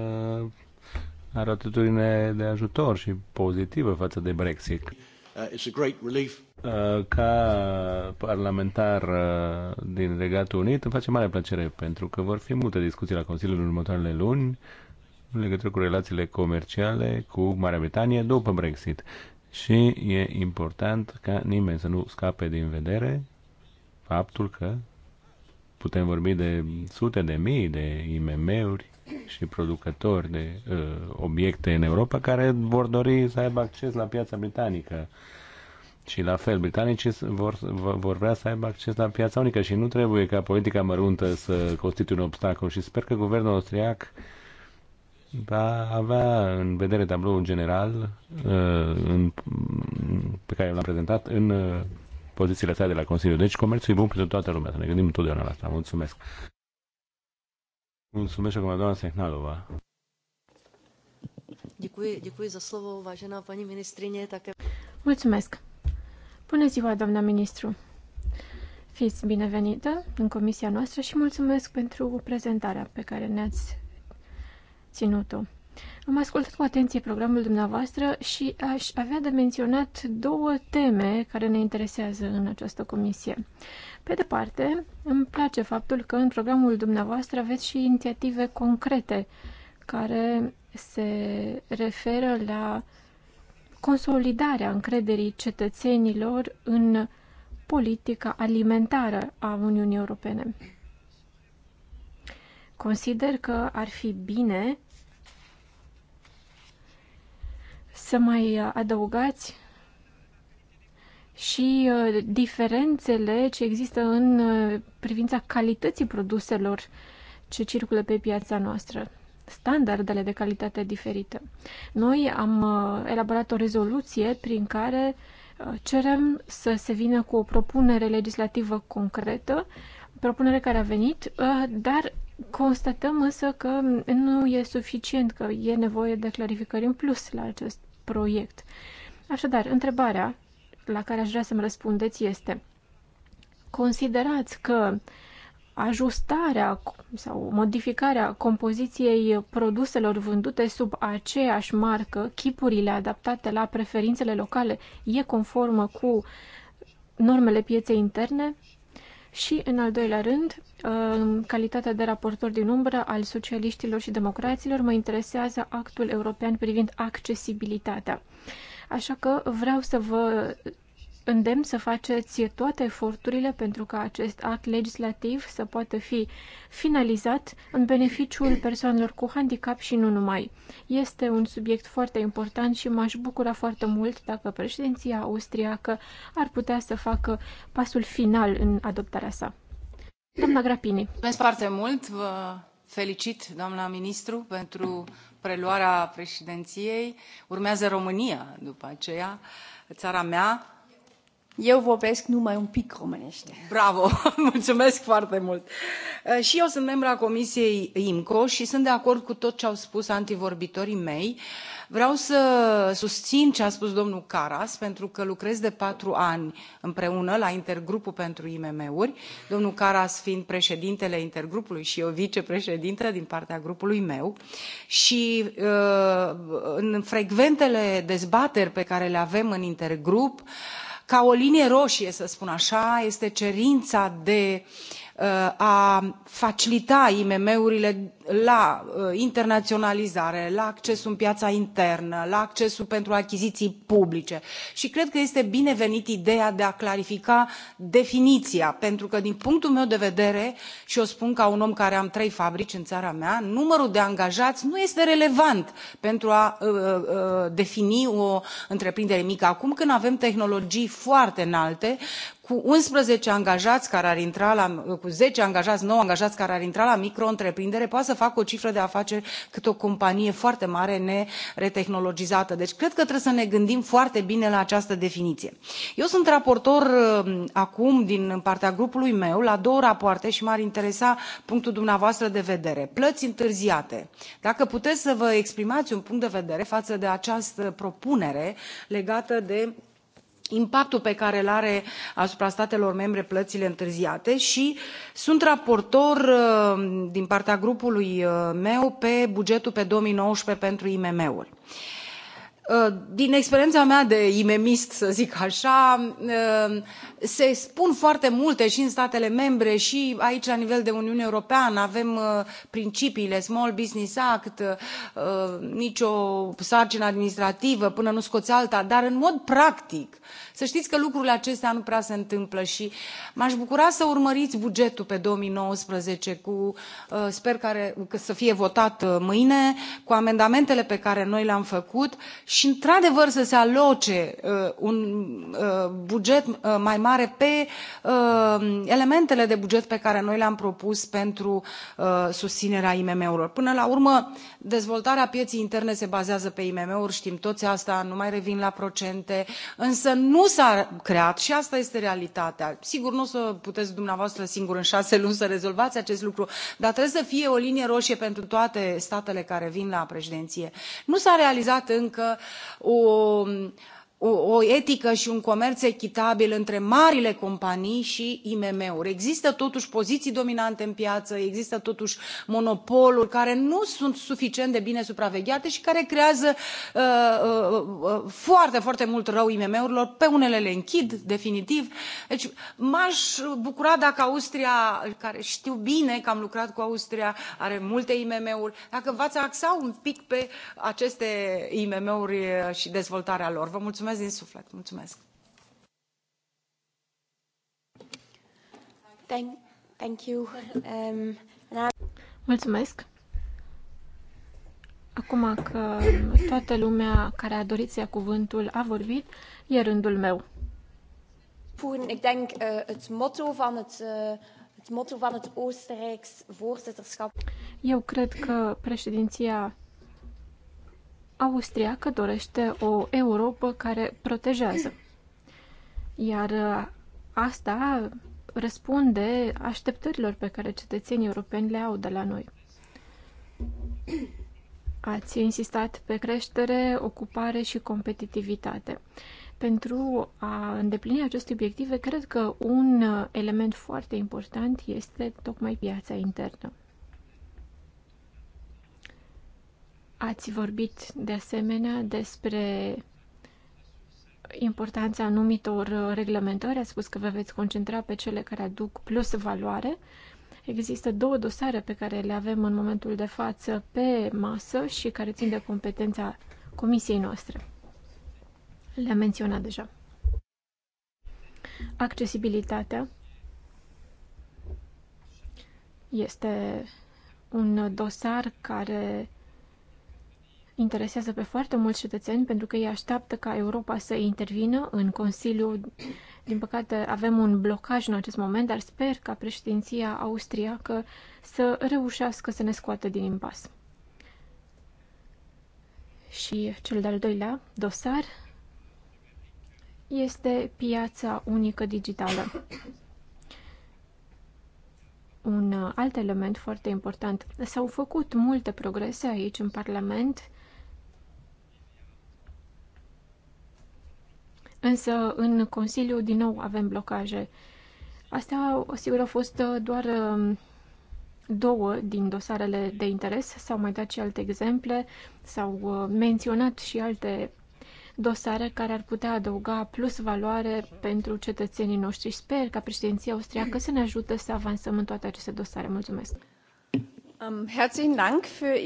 are o atitudine de ajutor și pozitivă față de Brexit. Uh, it's a great relief. Uh, ca parlamentar uh, din Regatul Unit îmi face mare plăcere pentru că vor fi multe discuții la Consiliul în următoarele luni în legătură cu relațiile comerciale cu Marea Britanie după Brexit. Și e important ca nimeni să nu scape din vedere faptul că putem vorbi de sute de mii de IMM-uri și producători de uh, obiecte în Europa care vor dori să aibă acces la piața britanică. Și la fel, britanicii vor, vor vrea să aibă acces la piața unică și nu trebuie ca politica măruntă să constituie un obstacol și sper că guvernul austriac va avea în vedere tabloul general uh, în, pe care l-am prezentat în uh, pozițiile sale de la Consiliu. Deci comerțul e bun pentru toată lumea, să ne gândim întotdeauna la asta. Mulțumesc! Mulțumesc acum, doamna Sehnalova. Děkuji, děkuji za slovo, vážená paní ministrině, také. Mulțumesc. Bună ziua, doamna ministru. Fiți binevenită în comisia noastră și mulțumesc pentru prezentarea pe care ne-ați ținut-o. Am ascultat cu atenție programul dumneavoastră și aș avea de menționat două teme care ne interesează în această comisie. Pe de parte, îmi place faptul că în programul dumneavoastră aveți și inițiative concrete care se referă la consolidarea încrederii cetățenilor în politica alimentară a Uniunii Europene. Consider că ar fi bine să mai uh, adăugați și uh, diferențele ce există în uh, privința calității produselor ce circulă pe piața noastră, standardele de calitate diferită. Noi am elaborat o rezoluție prin care cerem să se vină cu o propunere legislativă concretă, propunere care a venit, dar constatăm însă că nu e suficient, că e nevoie de clarificări în plus la acest proiect. Așadar, întrebarea la care aș vrea să-mi răspundeți este considerați că ajustarea sau modificarea compoziției produselor vândute sub aceeași marcă, chipurile adaptate la preferințele locale, e conformă cu normele pieței interne? și, în al doilea rând, uh, în calitatea de raportor din umbră al socialiștilor și democraților, mă interesează actul european privind accesibilitatea. Așa că vreau să vă îndemn să faceți toate eforturile pentru ca acest act legislativ să poată fi finalizat în beneficiul persoanelor cu handicap și nu numai. Este un subiect foarte important și m-aș bucura foarte mult dacă președinția austriacă ar putea să facă pasul final în adoptarea sa. Doamna Grapini. Mulțumesc foarte mult. Vă felicit, doamna ministru, pentru preluarea președinției. Urmează România după aceea, țara mea eu vorbesc numai un pic românește. Bravo! Mulțumesc foarte mult! Uh, și eu sunt membra Comisiei IMCO și sunt de acord cu tot ce au spus antivorbitorii mei. Vreau să susțin ce a spus domnul Caras, pentru că lucrez de patru ani împreună la Intergrupul pentru IMM-uri, domnul Caras fiind președintele Intergrupului și eu vicepreședintă din partea grupului meu. Și uh, în frecventele dezbateri pe care le avem în Intergrup, ca o linie roșie să spun așa este cerința de Uh, a facilita imm urile la uh, internaționalizare la accesul în piața internă la accesul pentru achiziții publice și cred că este binevenită ideea de a clarifica definiția pentru că din punctul meu de vedere și o spun ca un om care are trei fabrici în țara mea numărul de angajați nu este relevant pentru a uh, uh, defini o întreprindere mică acum când avem tehnologii foarte înalte cu unsprezece angajați care ar intra la, cu zece angajați, nou angajați care ar intra la micro-întreprindere, poate să facă o cifră de afaceri cât o companie foarte mare neretehnologizată. Deci cred că trebuie să ne gândim foarte bine la această definiție. Eu sunt raportor ă, acum din partea grupului meu la două rapoarte și m-ar interesa punctul dumneavoastră de vedere. Plăți întârziate. Dacă puteți să vă exprimați un punct de vedere față de această propunere legată de impactul pe care îl are asupra statelor membre plățile întârziate și sunt raportor uh, din partea grupului uh, meu pe bugetul pe două mii nouăsprezece pentru imm uri. Uh, din experiența mea de imemist să zic așa uh, se spun foarte multe și în statele membre și aici la nivel de uniune europeană avem uh, principiile small business act nicio sarcină administrativă până nu scoți alta dar în mod practic să știți că lucrurile acestea nu prea se întâmplă și m-aș bucura să urmăriți bugetul pe 2019 cu, uh, sper care, să fie votat uh, mâine, cu amendamentele pe care noi le-am făcut și într-adevăr să se aloce uh, un buget mai mare pe elementele de buget pe care noi le-am propus pentru susținerea IMM-urilor. Până la urmă, dezvoltarea pieții interne se bazează pe IMM-uri, știm toți asta, nu mai revin la procente, însă nu nu s a creat și asta este realitatea sigur nu o să puteți dumneavoastră singur în șase luni să rezolvați acest lucru dar trebuie să fie o linie roșie pentru toate statele care vin la președinție nu s a realizat încă o o, o etică și un comerț echitabil între marile companii și imm uri. există totuși poziții dominante în piață există totuși monopoluri care nu sunt suficient de bine supravegheate și care creează uh, uh, uh foarte foarte mult rău imm urilor pe unele le închid definitiv. deci m aș bucura dacă austria care știu bine că am lucrat cu austria are multe imm uri dacă v ați axa un pic pe aceste imm uri și dezvoltarea lor. vă mulțumesc mulțumesc din suflet. Mulțumesc. Thank, thank you. Um, Mulțumesc. Acum că toată lumea care a dorit să ia cuvântul a vorbit, e rândul meu. Voeren, ik denk uh, het motto van het, uh, het motto van het Oostenrijks voorzitterschap. Eu cred că președinția austriacă dorește o Europa care protejează. Iar uh, asta răspunde așteptărilor pe care cetățenii europeni le au de la noi. Ați insistat pe creștere, ocupare și competitivitate. Pentru a îndeplini aceste obiective, cred că un uh, element foarte important este tocmai piața internă. Ați vorbit de asemenea despre importanța anumitor uh, reglementări. Ați spus că vă veți concentra pe cele care aduc plus valoare. Există două dosare pe care le avem în momentul de față pe masă și care țin de competența comisiei noastre. Le-am menționat deja. Accesibilitatea este un dosar care interesează pe foarte mulți cetățeni pentru că ei așteaptă ca Europa să intervină în Consiliu. Din păcate avem un blocaj în acest moment, dar sper ca președinția austriacă să reușească să ne scoată din impas. Și cel de-al doilea dosar este piața unică digitală. Un alt element foarte important. S-au făcut multe progrese aici în Parlament Însă în Consiliu din nou avem blocaje. Astea, sigur, au fost uh, doar um, două din dosarele de interes, s-au mai dat și alte exemple, s-au uh, menționat și alte dosare care ar putea adăuga plus valoare pentru cetățenii noștri. Sper ca președinția austriacă să ne ajute să avansăm în toate aceste dosare. Mulțumesc! Um, herzlichen Dank für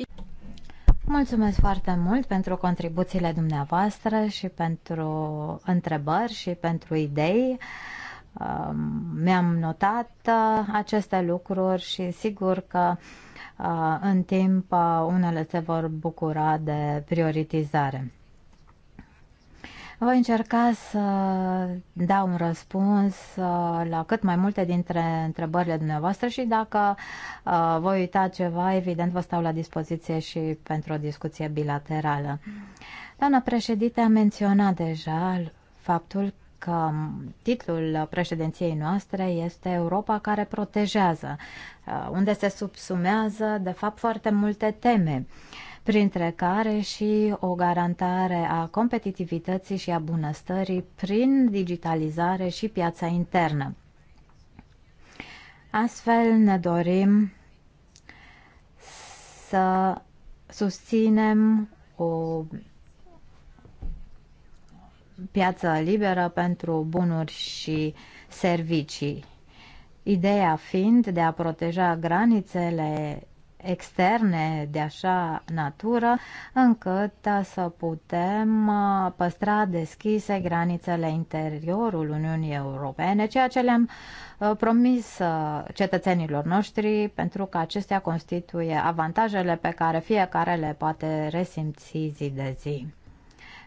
Mulțumesc foarte mult pentru contribuțiile dumneavoastră și pentru întrebări și pentru idei. Um, mi-am notat uh, aceste lucruri și sigur că uh, în timp uh, unele se vor bucura de prioritizare. Voi încerca să dau un răspuns uh, la cât mai multe dintre întrebările dumneavoastră și dacă uh, voi uita ceva, evident vă stau la dispoziție și pentru o discuție bilaterală. Doamna președinte a menționat deja faptul că titlul președinției noastre este Europa care protejează, uh, unde se subsumează, de fapt, foarte multe teme. Uh, printre care și o garantare a competitivității și a bunăstării prin digitalizare și piața internă. Astfel ne dorim să susținem o piață liberă pentru bunuri și servicii. Ideea fiind de a proteja granițele externe de așa natură, încât să putem uh, păstra deschise granițele interiorul Uniunii Europene, ceea ce le-am uh, promis uh, cetățenilor noștri, pentru că acestea constituie avantajele pe care fiecare le poate resimți zi de zi.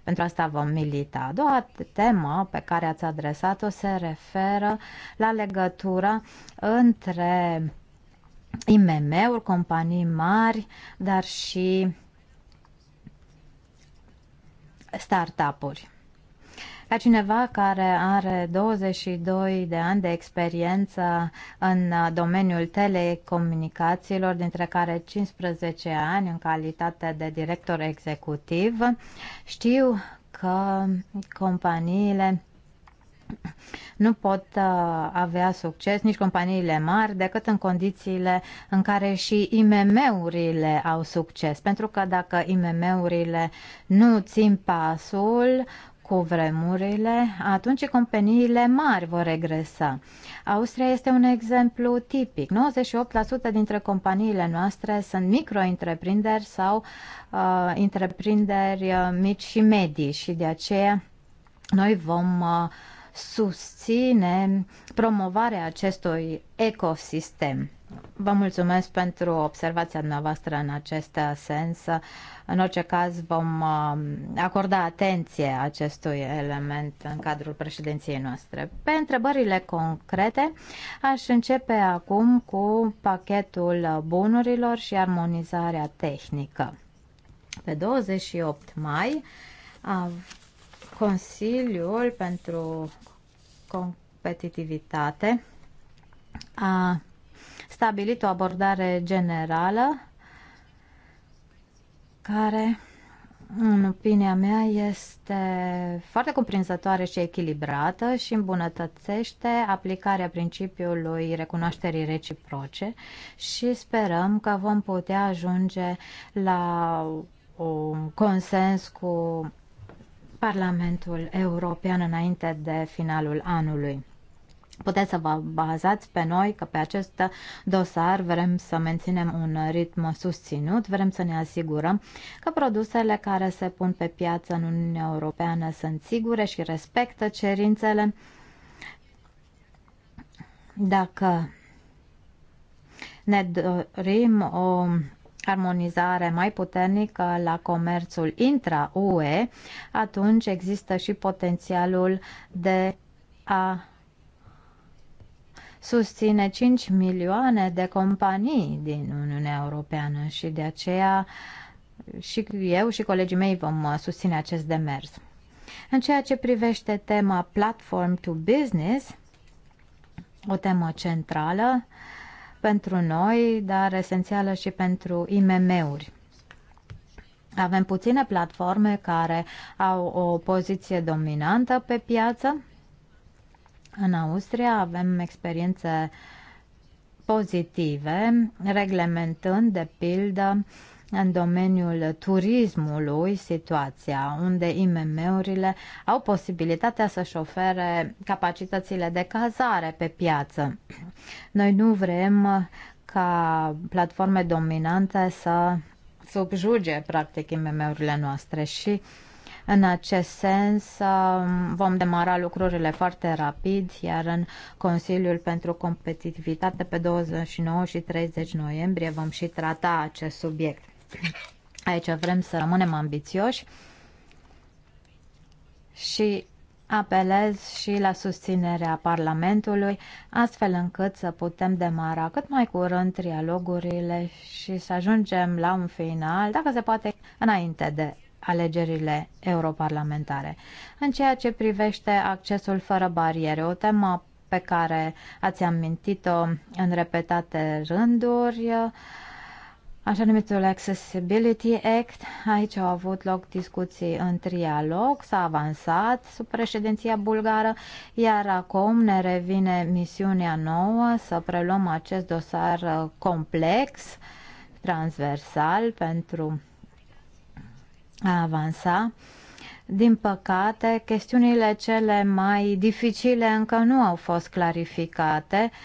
Pentru asta vom milita. A doua temă pe care ați adresat-o se referă la legătura între IMM-uri, companii mari, dar și startup-uri. Ca cineva care are 22 de ani de experiență în domeniul telecomunicațiilor, dintre care 15 ani în calitate de director executiv, știu că companiile nu pot uh, avea succes nici companiile mari decât în condițiile în care și IMM-urile au succes. Pentru că dacă IMM-urile nu țin pasul cu vremurile, atunci companiile mari vor regresa. Austria este un exemplu tipic. 98% dintre companiile noastre sunt micro-întreprinderi sau uh, întreprinderi uh, mici și medii și de aceea noi vom uh, susține promovarea acestui ecosistem. Vă mulțumesc pentru observația dumneavoastră în acest sens. În orice caz vom um, acorda atenție acestui element în cadrul președinției noastre. Pe întrebările concrete aș începe acum cu pachetul bunurilor și armonizarea tehnică. Pe 28 mai Consiliul pentru competitivitate a stabilit o abordare generală care, în opinia mea, este foarte cuprinzătoare și echilibrată și îmbunătățește aplicarea principiului recunoașterii reciproce și sperăm că vom putea ajunge la un consens cu Parlamentul European înainte de finalul anului. Puteți să vă bazați pe noi că pe acest dosar vrem să menținem un ritm susținut, vrem să ne asigurăm că produsele care se pun pe piață în Uniunea Europeană sunt sigure și respectă cerințele. Dacă ne dorim o armonizare mai puternică la comerțul intra-UE, atunci există și potențialul de a susține 5 milioane de companii din Uniunea Europeană și de aceea și eu și colegii mei vom uh, susține acest demers. În ceea ce privește tema Platform to Business, o temă centrală, uh, pentru noi, dar esențială și pentru IMM-uri. Avem puține platforme care au o poziție dominantă pe piață. În Austria avem experiențe pozitive, reglementând, de pildă, uh, în domeniul turismului situația unde IMM-urile au posibilitatea să-și ofere capacitățile de cazare pe piață. Noi nu vrem ca platforme dominante să subjuge practic IMM-urile noastre și în acest sens vom demara lucrurile foarte rapid, iar în Consiliul pentru Competitivitate pe 29 și 30 noiembrie vom și trata acest subiect. Aici vrem să rămânem ambițioși și apelez și la susținerea Parlamentului, astfel încât să putem demara cât mai curând trialogurile și să ajungem la un final, dacă se poate, înainte de alegerile europarlamentare. În ceea ce privește accesul fără bariere, o temă pe care ați amintit-o în repetate rânduri, așa numitul Accessibility Act. Aici au avut loc discuții în trialog, s-a avansat sub președinția bulgară, iar acum ne revine misiunea nouă să preluăm acest dosar uh, complex, transversal, pentru a avansa. Din păcate, chestiunile cele mai dificile încă nu au fost clarificate. Uh,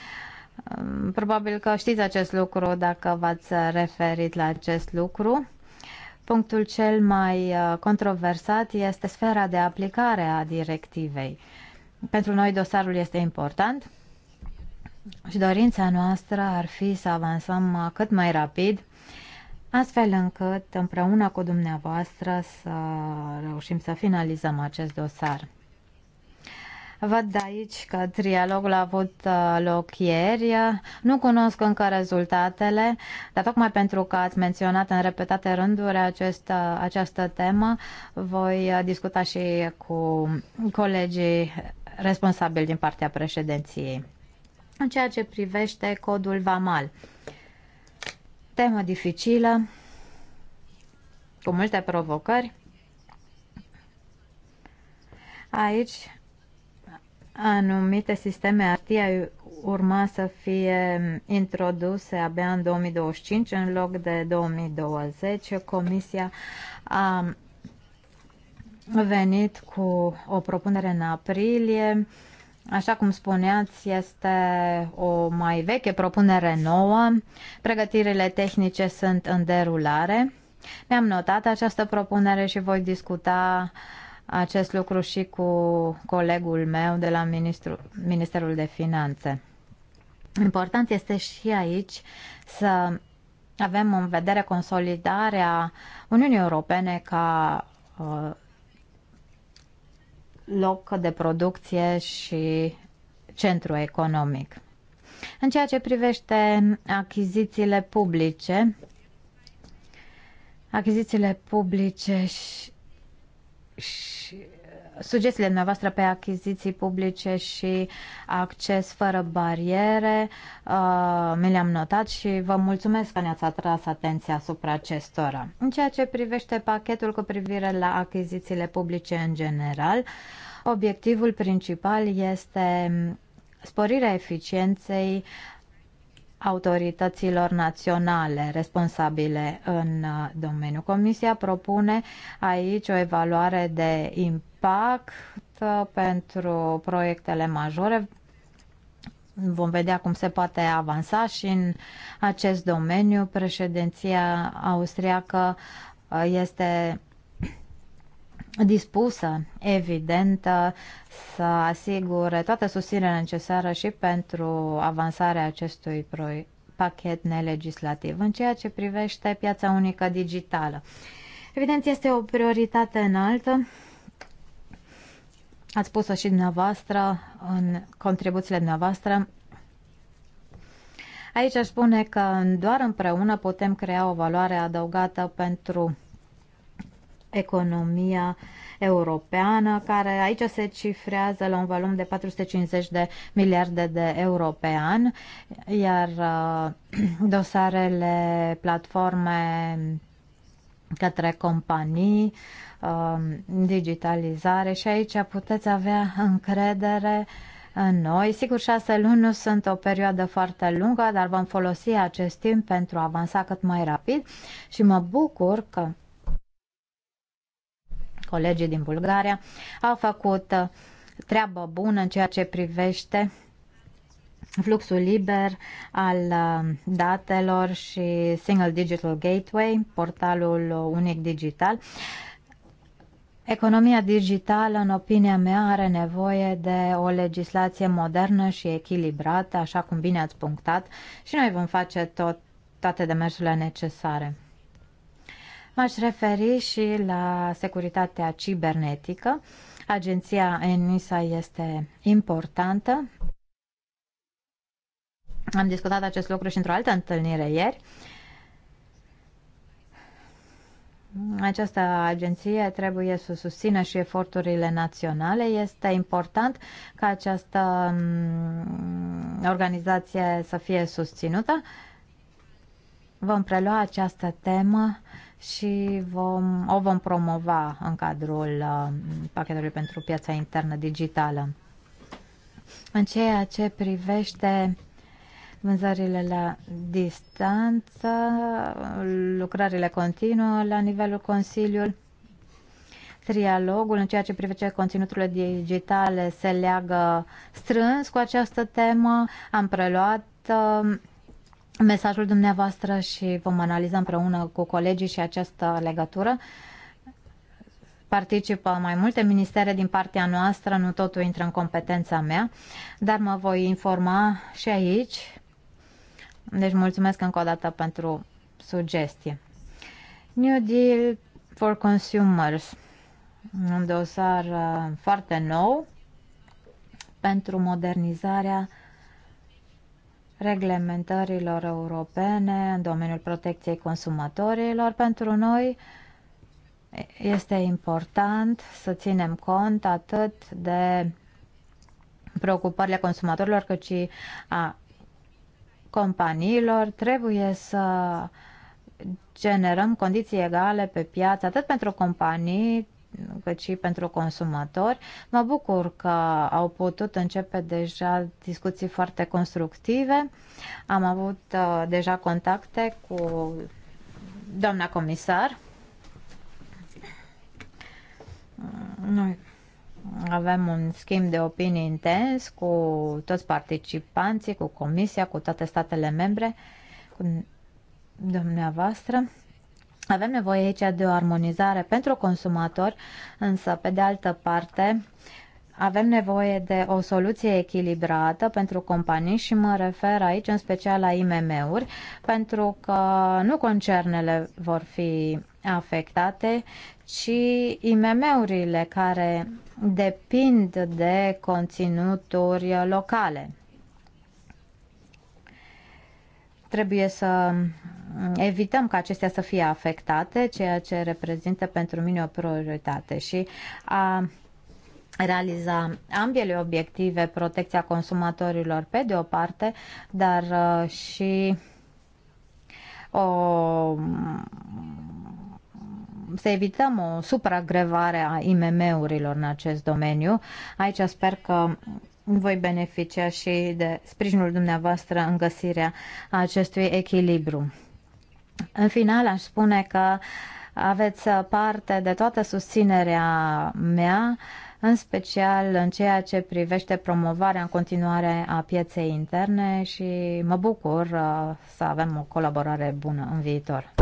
Probabil că știți acest lucru dacă v-ați referit la acest lucru. Punctul cel mai uh, controversat este sfera de aplicare a directivei. Pentru noi dosarul este important și dorința noastră ar fi să avansăm uh, cât mai rapid, astfel încât împreună cu dumneavoastră să reușim să finalizăm acest dosar. Văd aici că trialogul a avut uh, loc ieri. Nu cunosc încă rezultatele, dar tocmai pentru că ați menționat în repetate rânduri acest, uh, această temă, voi uh, discuta și cu colegii responsabili din partea președinției. În ceea ce privește codul VAMAL, temă dificilă, cu multe provocări. Aici anumite sisteme IT urma să fie introduse abia în 2025 în loc de 2020. Comisia a venit cu o propunere în aprilie. Așa cum spuneați, este o mai veche propunere nouă. Pregătirile tehnice sunt în derulare. Mi-am notat această propunere și voi discuta uh, acest lucru și cu colegul meu de la Ministru, Ministerul de Finanțe. Important este și aici să avem în vedere consolidarea Uniunii Europene ca uh, loc de producție și centru economic. În ceea ce privește achizițiile publice, achizițiile publice și, și sugestiile noastre pe achiziții publice și acces fără bariere. Uh, mi le-am notat și vă mulțumesc că ne-ați atras atenția asupra acestora. În ceea ce privește pachetul cu privire la achizițiile publice în general, obiectivul principal este sporirea eficienței autorităților naționale responsabile în uh, domeniu. Comisia propune aici o evaluare de impact pact uh, pentru proiectele majore. Vom vedea cum se poate avansa și în acest domeniu. Președinția austriacă uh, este dispusă, evident, uh, să asigure toată susținerea necesară și pentru avansarea acestui proiect pachet nelegislativ în ceea ce privește piața unică digitală. Evident, este o prioritate înaltă Ați spus-o și dumneavoastră în contribuțiile dumneavoastră. Aici aș spune că doar împreună putem crea o valoare adăugată pentru economia europeană, care aici se cifrează la un volum de 450 de miliarde de euro pe an, iar uh, dosarele platforme către companii, um, digitalizare și aici puteți avea încredere în noi. Sigur, șase luni nu sunt o perioadă foarte lungă, dar vom folosi acest timp pentru a avansa cât mai rapid și mă bucur că colegii din Bulgaria au făcut treabă bună în ceea ce privește fluxul liber al uh, datelor și Single Digital Gateway, portalul unic digital. Economia digitală, în opinia mea, are nevoie de o legislație modernă și echilibrată, așa cum bine ați punctat, și noi vom face tot, toate demersurile necesare. M-aș referi și la securitatea cibernetică. Agenția ENISA este importantă am discutat acest lucru și într-o altă întâlnire ieri. Această agenție trebuie să susțină și eforturile naționale. Este important ca această mm, organizație să fie susținută. Vom prelua această temă și vom, o vom promova în cadrul mm, pachetului pentru piața internă digitală. În ceea ce privește vânzările la distanță, lucrările continuă la nivelul Consiliului. Trialogul în ceea ce privește conținuturile digitale se leagă strâns cu această temă. Am preluat um, mesajul dumneavoastră și vom analiza împreună cu colegii și această legătură. Participă mai multe ministere din partea noastră, nu totul intră în competența mea, dar mă voi informa și aici deci mulțumesc încă o dată pentru sugestie. New Deal for Consumers, un dosar uh, foarte nou pentru modernizarea reglementărilor europene în domeniul protecției consumatorilor. Pentru noi este important să ținem cont atât de preocupările consumatorilor, cât și a companiilor, trebuie să generăm condiții egale pe piață, atât pentru companii cât și pentru consumatori. Mă bucur că au putut începe deja discuții foarte constructive. Am avut uh, deja contacte cu doamna comisar. Noi avem un schimb de opinii intens cu toți participanții, cu Comisia, cu toate statele membre, cu dumneavoastră. Avem nevoie aici de o armonizare pentru consumatori, însă, pe de altă parte, avem nevoie de o soluție echilibrată pentru companii și mă refer aici în special la IMM-uri, pentru că nu concernele vor fi afectate, și IMM-urile care depind de conținuturi locale. Trebuie să evităm ca acestea să fie afectate, ceea ce reprezintă pentru mine o prioritate și a realiza ambele obiective, protecția consumatorilor pe de o parte, dar uh, și o să evităm o supragrevare a IMM-urilor în acest domeniu. Aici sper că voi beneficia și de sprijinul dumneavoastră în găsirea acestui echilibru. În final, aș spune că aveți parte de toată susținerea mea, în special în ceea ce privește promovarea în continuare a pieței interne și mă bucur uh, să avem o colaborare bună în viitor.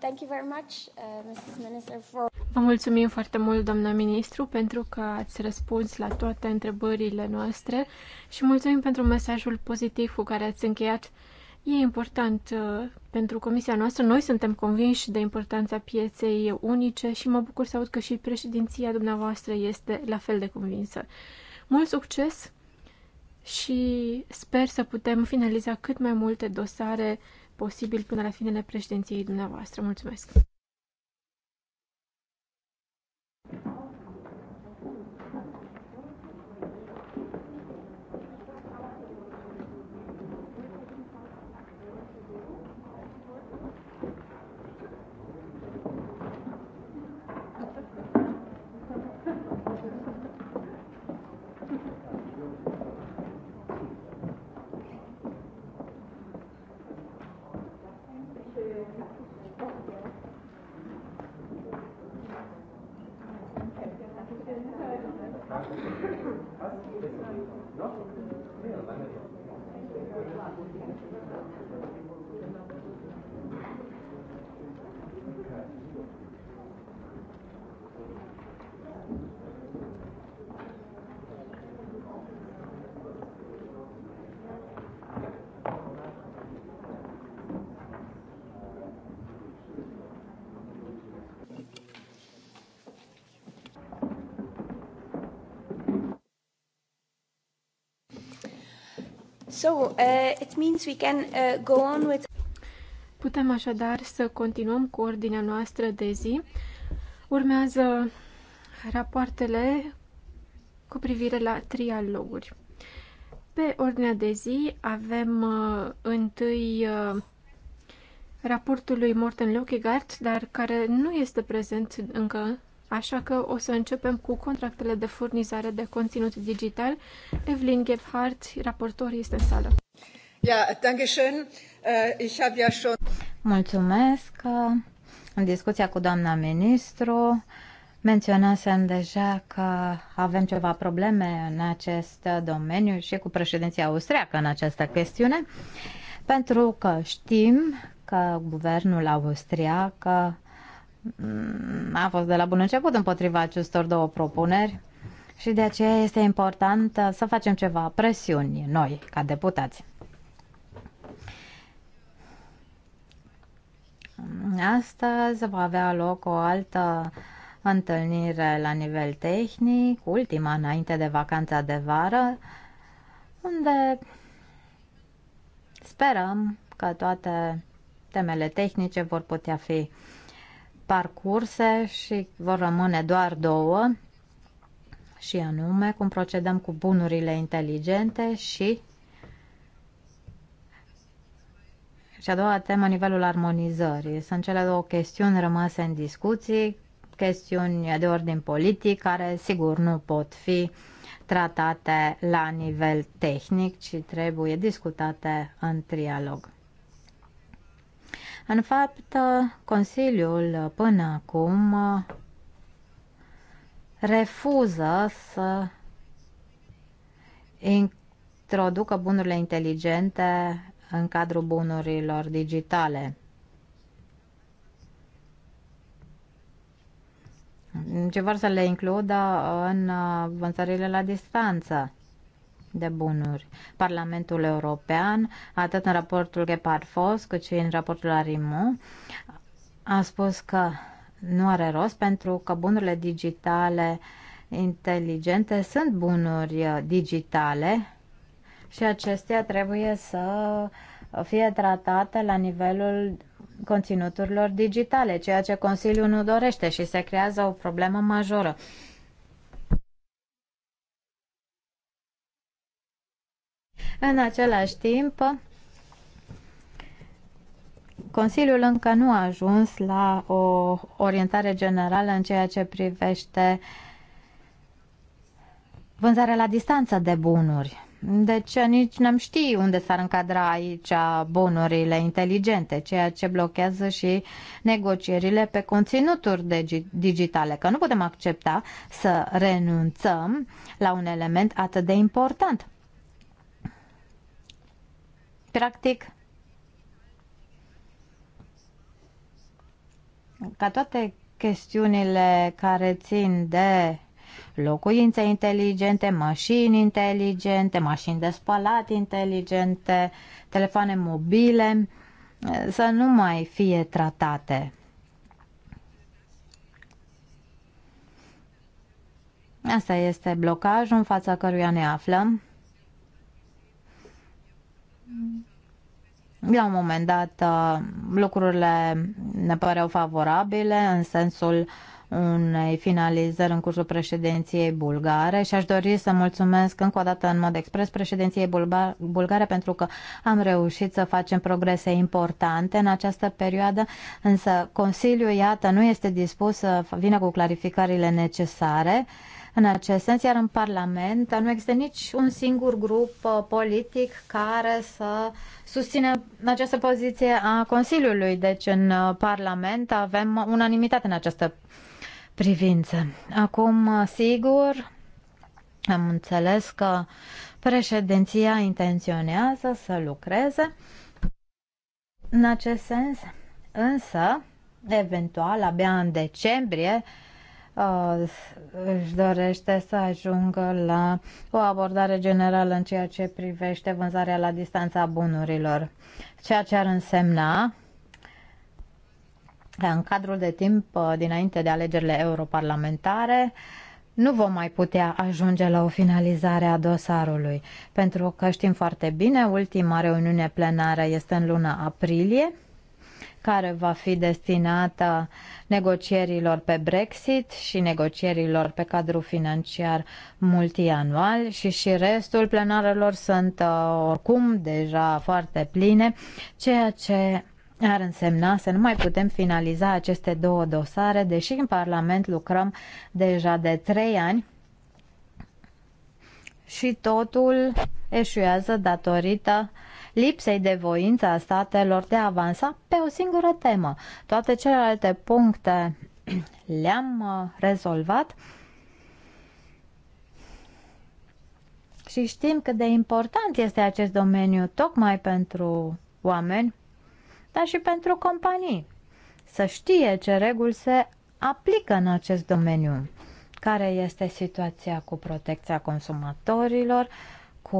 Thank you very much, uh, Mrs. Minister, for... Vă mulțumim foarte mult, doamnă ministru, pentru că ați răspuns la toate întrebările noastre și mulțumim pentru mesajul pozitiv cu care ați încheiat. E important uh, pentru comisia noastră. Noi suntem convinși de importanța pieței unice și mă bucur să aud că și președinția dumneavoastră este la fel de convinsă. Mult succes și sper să putem finaliza cât mai multe dosare posibil până la finele președinției dumneavoastră. Mulțumesc! Was? No? So, uh, it means we can uh, go on with... Putem așadar să continuăm cu ordinea noastră de zi. Urmează rapoartele cu privire la trialoguri. Pe ordinea de zi avem uh, întâi uh, raportul lui Morten Lockegaard, dar care nu este prezent încă Așa că o să începem cu contractele de furnizare de conținut digital. Evelyn Gebhardt, raportor, este în sală. Ja, danke schön. Äh, ich habe ja schon... Mulțumesc. În discuția cu doamna ministru menționasem deja că avem ceva probleme în acest domeniu și cu președinția austriacă în această chestiune, pentru că știm că guvernul austriac Mm, a fost de la bun început împotriva acestor două propuneri și de aceea este important uh, să facem ceva presiuni noi, ca deputați. Astăzi va avea loc o altă întâlnire la nivel tehnic, ultima înainte de vacanța de vară, unde sperăm că toate temele tehnice vor putea fi parcurse și vor rămâne doar două, și anume cum procedăm cu bunurile inteligente și și a doua temă, nivelul armonizării. Sunt cele două chestiuni rămase în discuții, chestiuni de ordin politic, care sigur nu pot fi tratate la nivel tehnic, ci trebuie discutate în trialog. În fapt, Consiliul până acum refuză să introducă bunurile inteligente în cadrul bunurilor digitale. Ce vor să le includă în uh, vânzările la distanță de bunuri. Parlamentul European, atât în raportul gepard fos cât și în raportul Arimu, a spus că nu are rost pentru că bunurile digitale inteligente sunt bunuri uh, digitale și acestea trebuie să fie tratate la nivelul conținuturilor digitale, ceea ce Consiliul nu dorește și se creează o problemă majoră. În același timp, Consiliul încă nu a ajuns la o orientare generală în ceea ce privește vânzarea la distanță de bunuri. Deci nici n-am ști unde s-ar încadra aici bunurile inteligente, ceea ce blochează și negocierile pe conținuturi digitale, că nu putem accepta să renunțăm la un element atât de important practic, ca toate chestiunile care țin de locuințe inteligente, mașini inteligente, mașini de spălat inteligente, telefoane mobile, să nu mai fie tratate. Asta este blocajul în fața căruia ne aflăm. La un moment dat uh, lucrurile ne păreau favorabile în sensul unei finalizări în cursul președinției bulgare și aș dori să mulțumesc încă o dată în mod expres președinției bulgare pentru că am reușit să facem progrese importante în această perioadă, însă Consiliul, iată, nu este dispus să vină cu clarificările necesare. Uh, în acest sens, iar în Parlament nu există nici un singur grup uh, politic care să susține această poziție a Consiliului. Deci în uh, Parlament avem unanimitate în această privință. Acum, uh, sigur, am înțeles că președinția intenționează să lucreze în acest sens, însă, eventual, abia în decembrie, Uh, își dorește să ajungă la o abordare generală în ceea ce privește vânzarea la distanța bunurilor, ceea ce ar însemna că în cadrul de timp uh, dinainte de alegerile europarlamentare nu vom mai putea ajunge la o finalizare a dosarului, pentru că știm foarte bine, ultima reuniune plenară este în luna aprilie, care va fi destinată negocierilor pe Brexit și negocierilor pe cadru financiar multianual și și restul plenarelor sunt uh, oricum deja foarte pline, ceea ce ar însemna să nu mai putem finaliza aceste două dosare, deși în Parlament lucrăm deja de trei ani și totul eșuează datorită lipsei de voință a statelor de a avansa pe o singură temă. Toate celelalte puncte le-am uh, rezolvat și știm cât de important este acest domeniu tocmai pentru oameni, dar și pentru companii. Să știe ce reguli se aplică în acest domeniu, care este situația cu protecția consumatorilor, cu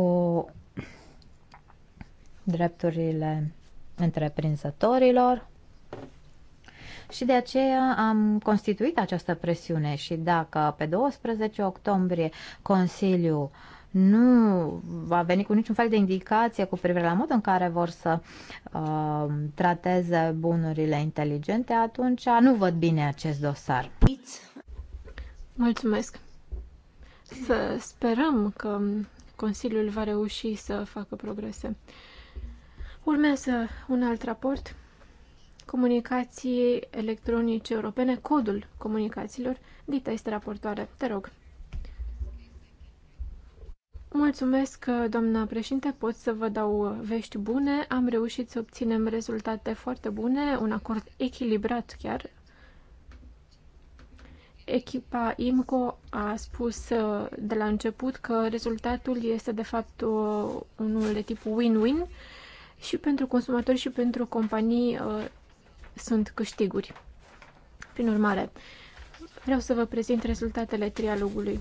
drepturile întreprinzătorilor și de aceea am constituit această presiune și dacă pe 12 octombrie Consiliul nu va veni cu niciun fel de indicație cu privire la modul în care vor să uh, trateze bunurile inteligente, atunci nu văd bine acest dosar. Mulțumesc! Să sperăm că Consiliul va reuși să facă progrese. Urmează un alt raport, comunicații electronice europene, codul comunicațiilor. Dita este raportoare, te rog. Mulțumesc, doamna președinte, pot să vă dau vești bune. Am reușit să obținem rezultate foarte bune, un acord echilibrat chiar. Echipa IMCO a spus uh, de la început că rezultatul este de fapt uh, unul de tip win-win și pentru consumatori și pentru companii uh, sunt câștiguri. Prin urmare, vreau să vă prezint rezultatele trialogului.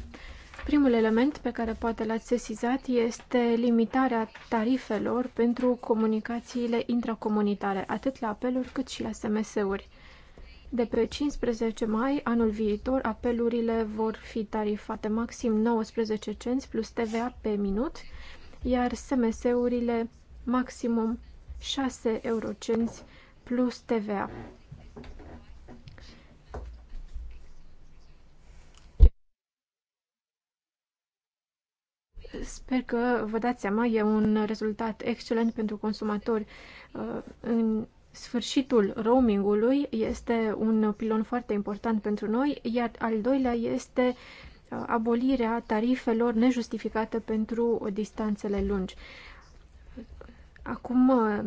Primul element pe care poate l-ați sesizat este limitarea tarifelor pentru comunicațiile intracomunitare, atât la apeluri cât și la SMS-uri. De pe 15 mai anul viitor, apelurile vor fi tarifate maxim 19 cenți plus TVA pe minut, iar SMS-urile maximum 6 eurocenți plus TVA. Sper că vă dați seama, e un rezultat excelent pentru consumatori. Uh, în sfârșitul roamingului este un pilon foarte important pentru noi, iar al doilea este uh, abolirea tarifelor nejustificate pentru distanțele lungi. Acum uh,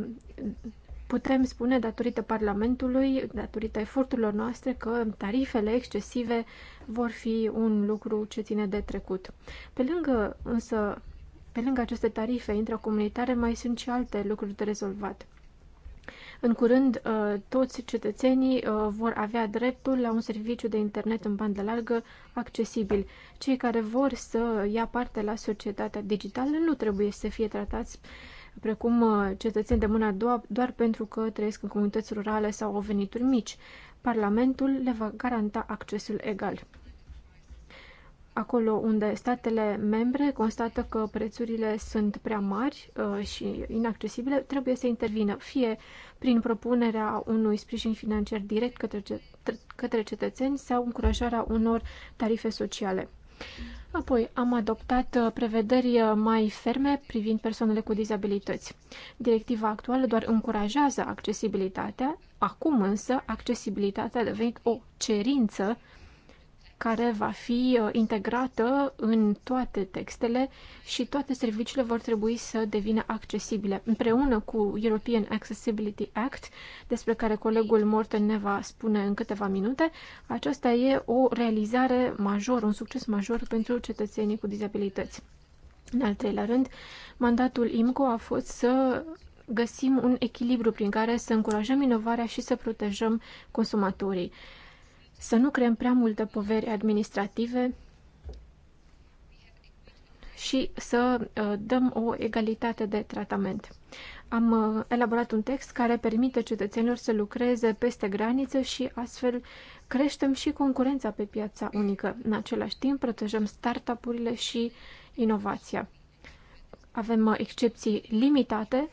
putem spune, datorită Parlamentului, datorită eforturilor noastre, că tarifele excesive vor fi un lucru ce ține de trecut. Pe lângă, însă, pe lângă aceste tarife intracomunitare, mai sunt și alte lucruri de rezolvat. În curând, uh, toți cetățenii uh, vor avea dreptul la un serviciu de internet în bandă largă accesibil. Cei care vor să ia parte la societatea digitală nu trebuie să fie tratați precum uh, cetățeni de mâna a doua, doar pentru că trăiesc în comunități rurale sau au venituri mici. Parlamentul le va garanta accesul egal. Acolo unde statele membre constată că prețurile sunt prea mari uh, și inaccesibile, trebuie să intervină, fie prin propunerea unui sprijin financiar direct către, către cetățeni sau încurajarea unor tarife sociale. Apoi am adoptat uh, prevederi uh, mai ferme privind persoanele cu dizabilități. Directiva actuală doar încurajează accesibilitatea, acum însă accesibilitatea a devenit o cerință care va fi uh, integrată în toate textele și toate serviciile vor trebui să devină accesibile. Împreună cu European Accessibility Act, despre care colegul Morten ne va spune în câteva minute, aceasta e o realizare majoră, un succes major pentru cetățenii cu dizabilități. În al treilea rând, mandatul IMCO a fost să găsim un echilibru prin care să încurajăm inovarea și să protejăm consumatorii să nu creăm prea multe poveri administrative și să uh, dăm o egalitate de tratament. Am uh, elaborat un text care permite cetățenilor să lucreze peste graniță și astfel creștem și concurența pe piața unică. În același timp protejăm startup-urile și inovația. Avem uh, excepții limitate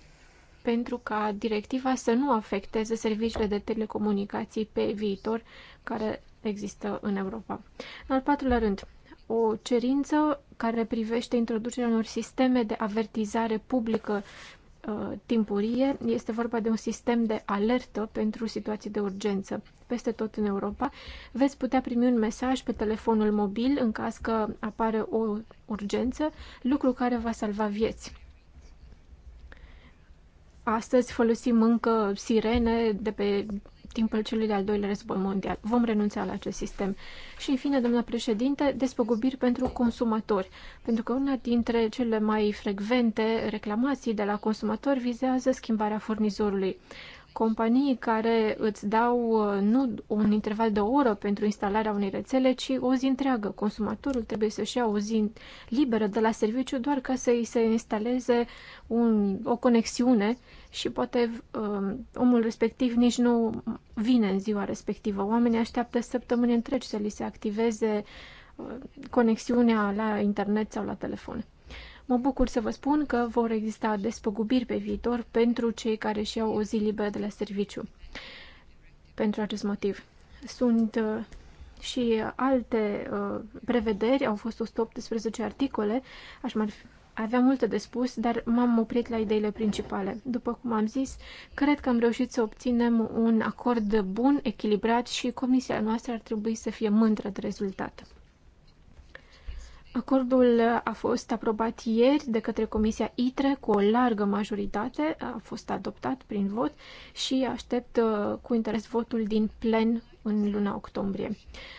pentru ca directiva să nu afecteze serviciile de telecomunicații pe viitor care există în Europa. În al patrulea rând, o cerință care privește introducerea unor sisteme de avertizare publică uh, timpurie. Este vorba de un sistem de alertă pentru situații de urgență peste tot în Europa. Veți putea primi un mesaj pe telefonul mobil în caz că apare o urgență, lucru care va salva vieți. Astăzi folosim încă sirene de pe timpul celui de-al doilea război mondial. Vom renunța la acest sistem. Și, în fine, doamna președinte, despăgubiri pentru consumatori. Pentru că una dintre cele mai frecvente reclamații de la consumatori vizează schimbarea furnizorului. Companii care îți dau uh, nu un interval de o oră pentru instalarea unei rețele, ci o zi întreagă. Consumatorul trebuie să-și ia o zi liberă de la serviciu doar ca să i se instaleze un, o conexiune și poate um, omul respectiv nici nu vine în ziua respectivă. Oamenii așteaptă săptămâni întregi să li se activeze uh, conexiunea la internet sau la telefon. Mă bucur să vă spun că vor exista despăgubiri pe viitor pentru cei care și au o zi liberă de la serviciu. Pentru acest motiv. Sunt uh, și alte uh, prevederi, au fost 118 articole, aș mai Aveam multe de spus, dar m-am oprit la ideile principale. După cum am zis, cred că am reușit să obținem un acord bun, echilibrat și comisia noastră ar trebui să fie mândră de rezultat. Acordul a fost aprobat ieri de către Comisia ITRE cu o largă majoritate, a fost adoptat prin vot și aștept uh, cu interes votul din plen în luna octombrie.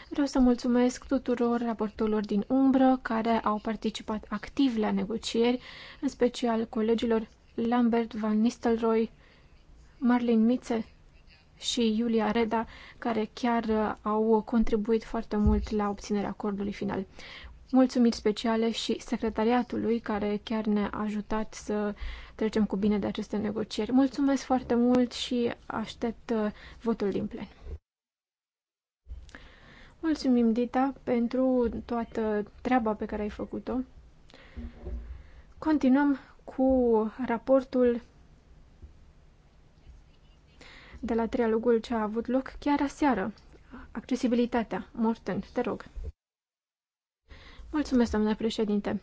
Vreau să mulțumesc tuturor raportorilor din umbră care au participat activ la negocieri, în special colegilor Lambert Van Nistelrooy, Marlin Mitze și Iulia Reda, care chiar uh, au contribuit foarte mult la obținerea acordului final. Mulțumiri speciale și secretariatului care chiar ne-a ajutat să trecem cu bine de aceste negocieri. Mulțumesc foarte mult și aștept uh, votul din plen. Mulțumim, Dita, pentru toată treaba pe care ai făcut-o. Continuăm cu raportul de la trialogul ce a avut loc chiar aseară. Accesibilitatea. Morten, te rog. Mulțumesc, doamna președinte.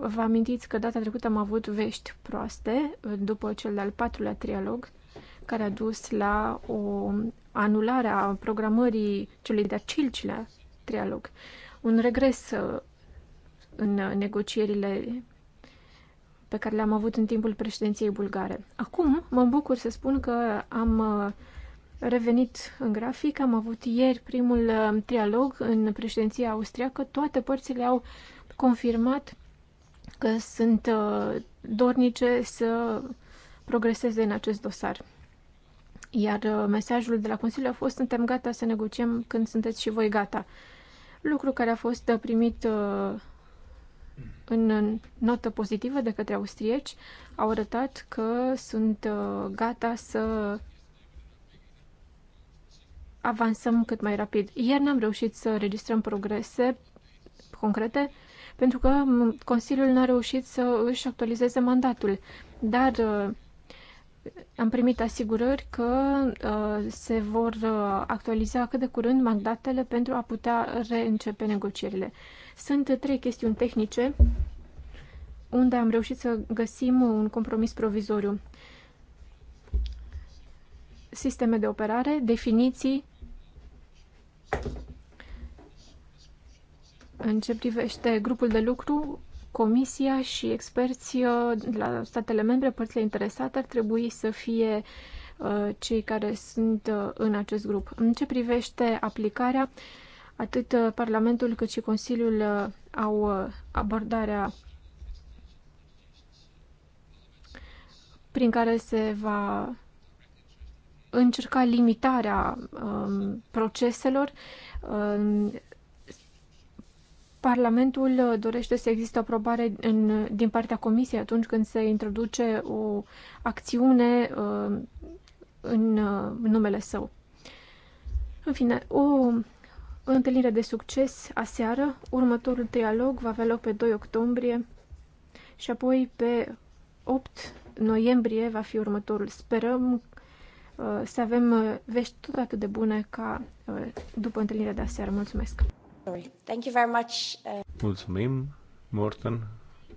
Vă amintiți că data trecută am avut vești proaste după cel de-al patrulea trialog care a dus la o anulare a programării celui de-a cincilea trialog. Un regres uh, în negocierile pe care le-am avut în timpul președinției bulgare. Acum mă bucur să spun că am uh, revenit în grafic, am avut ieri primul uh, trialog în președinția austriacă, toate părțile au confirmat că sunt dornice să progreseze în acest dosar. Iar uh, mesajul de la Consiliu a fost suntem gata să negociem când sunteți și voi gata. Lucru care a fost uh, primit uh, în notă pozitivă de către austrieci. Au arătat că sunt gata să avansăm cât mai rapid. Ieri n-am reușit să registrăm progrese concrete pentru că mm, Consiliul n-a reușit să își actualizeze mandatul. Dar am primit asigurări că uh, se vor uh, actualiza cât de curând mandatele pentru a putea reîncepe negocierile. Sunt trei chestiuni tehnice unde am reușit să găsim un compromis provizoriu. Sisteme de operare, definiții, în ce privește grupul de lucru, Comisia și experții de uh, la statele membre, părțile interesate, ar trebui să fie uh, cei care sunt uh, în acest grup. În ce privește aplicarea, atât Parlamentul cât și Consiliul au abordarea prin care se va încerca limitarea um, proceselor, um, Parlamentul uh, dorește să existe o aprobare în, din partea Comisiei atunci când se introduce o acțiune uh, în uh, numele său. În fine, o întâlnire de succes aseară. Următorul dialog va avea loc pe 2 octombrie și apoi pe 8 noiembrie va fi următorul. Sperăm uh, să avem uh, vești tot atât de bune ca uh, după întâlnirea de aseară. Mulțumesc! Sorry. Thank you very much. Uh... Mulțumim, Morton.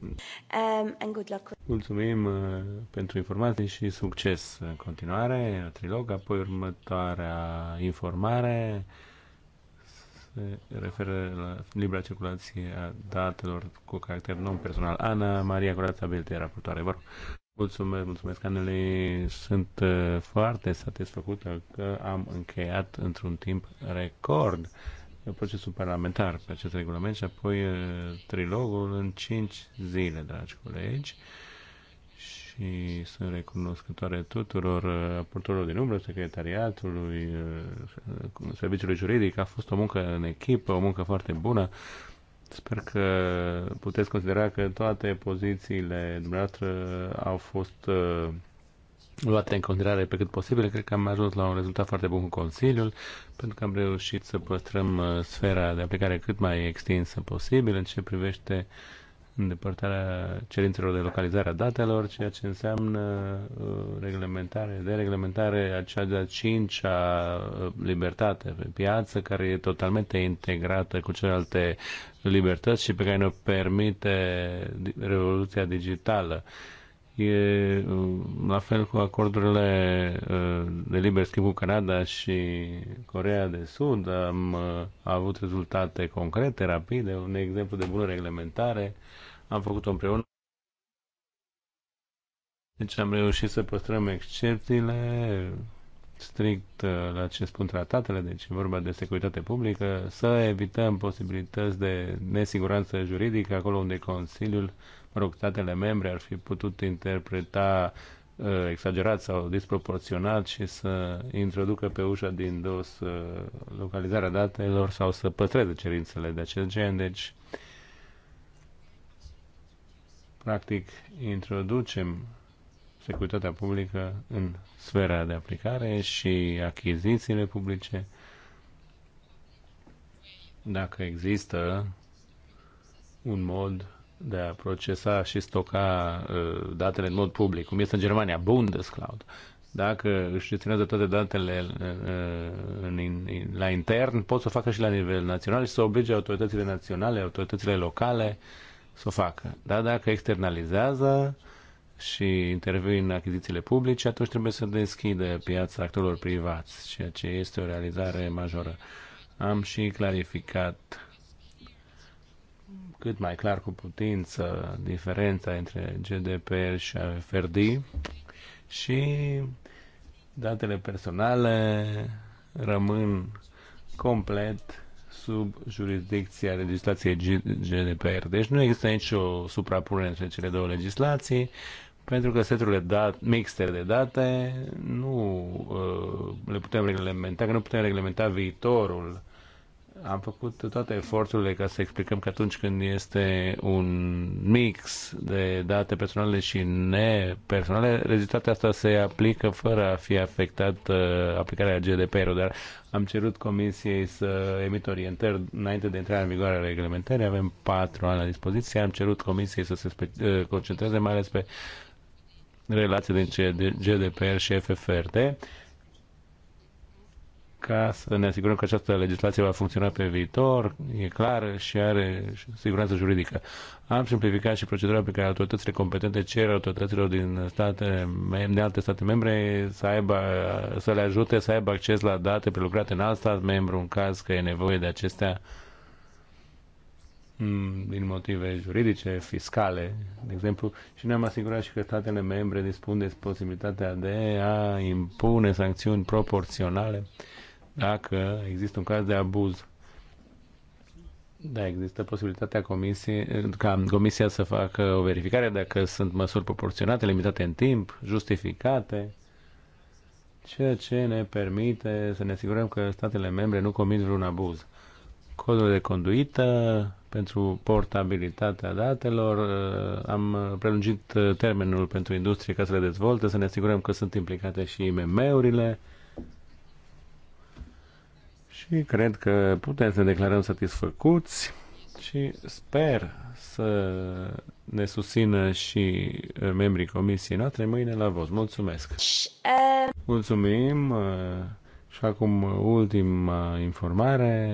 Um, and good luck. Mulțumim uh, pentru informații și succes în continuare, trilog, apoi următoarea informare se referă la libera circulație a datelor cu caracter non-personal. Ana Maria Curața Belte, raportoare, vă Mulțumesc, mulțumesc, Anele. Sunt uh, foarte satisfăcută că am încheiat într-un timp record procesul parlamentar pe acest regulament și apoi trilogul în 5 zile, dragi colegi. Și sunt recunoscătoare tuturor aportorilor din umbră, secretariatului, serviciului juridic. A fost o muncă în echipă, o muncă foarte bună. Sper că puteți considera că toate pozițiile dumneavoastră au fost luate în considerare pe cât posibil. Cred că am ajuns la un rezultat foarte bun cu Consiliul, pentru că am reușit să păstrăm uh, sfera de aplicare cât mai extinsă posibil în ce privește îndepărtarea cerințelor de localizare a datelor, ceea ce înseamnă uh, reglementare, de reglementare a cea de-a cincea uh, libertate pe piață, care e totalmente integrată cu celelalte libertăți și pe care ne permite revoluția digitală. E uh, la fel cu acordurile uh, de liber schimb cu Canada și Corea de Sud. Am uh, avut rezultate concrete, rapide, un exemplu de bună reglementare. Am făcut-o împreună. Deci am reușit să păstrăm excepțiile strict la ce spun tratatele, deci e vorba de securitate publică, să evităm posibilități de nesiguranță juridică acolo unde Consiliul mă rog, statele membre ar fi putut interpreta uh, exagerat sau disproporționat și să introducă pe ușa din dos uh, localizarea datelor sau să pătreze cerințele de acest gen. Deci, practic, introducem securitatea publică în sfera de aplicare și achizițiile publice. Dacă există un mod de a procesa și stoca uh, datele în mod public, cum este în Germania, Bundescloud. Dacă își gestionează toate datele uh, uh, la intern, pot să o facă și la nivel național și să oblige autoritățile naționale, autoritățile locale să o facă. Dar dacă externalizează și intervin achizițiile publice, atunci trebuie să deschidă piața actorilor privați, ceea ce este o realizare majoră. Am și clarificat cât mai clar cu putință diferența între GDPR și FRD și datele personale rămân complet sub jurisdicția legislației GDPR. Deci nu există nicio suprapunere între cele două legislații, pentru că seturile dat, mixte de date nu uh, le putem reglementa, că nu putem reglementa viitorul am făcut toate eforturile ca să explicăm că atunci când este un mix de date personale și nepersonale, rezultatul asta se aplică fără a fi afectat uh, aplicarea GDPR-ului, dar am cerut comisiei să emită orientări înainte de intrarea în vigoare a reglementării, avem patru ani la dispoziție, am cerut comisiei să se uh, concentreze mai ales pe relația dintre GDPR și FFRD ca să ne asigurăm că această legislație va funcționa pe viitor, e clară și are siguranță juridică. Am simplificat și procedura pe care autoritățile competente cer autorităților din state, de alte state membre să, aibă, să le ajute să aibă acces la date prelucrate în alt stat membru în caz că e nevoie de acestea mm, din motive juridice, fiscale, de exemplu, și ne-am asigurat și că statele membre dispun de posibilitatea de a impune sancțiuni proporționale uh, dacă există un caz de abuz. Da, există posibilitatea comisie, ca comisia să facă o verificare dacă sunt măsuri proporționate, limitate în timp, justificate, ceea ce ne permite să ne asigurăm că statele membre nu comit vreun abuz. Codul de conduită pentru portabilitatea datelor, uh, am prelungit uh, termenul pentru industrie ca să le dezvolte, să ne asigurăm că sunt implicate și IMM-urile, și cred că putem să declarăm satisfăcuți și sper să ne susțină și uh, membrii comisiei noastre mâine la vot. Mulțumesc! Mulțumim! Uh, și acum ultima informare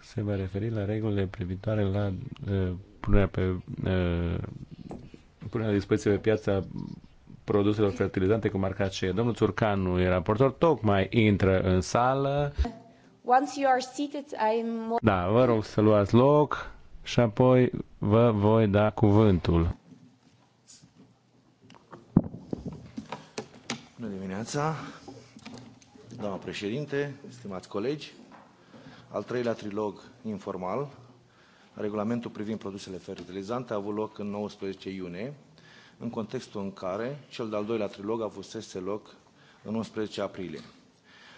se va referi la regulile privitoare la uh, punerea pe punerea la dispoziție pe piața produselor fertilizante cu marca CE. Domnul Țurcanu e raportor, tocmai intră în sală. Once you are seated, I'm... Da, vă rog să luați loc și apoi vă voi da cuvântul. Bună dimineața, doamna președinte, stimați colegi. Al treilea trilog informal, regulamentul privind produsele fertilizante, a avut loc în 19 iunie, în contextul în care cel de-al doilea trilog a avusese loc în 11 aprilie.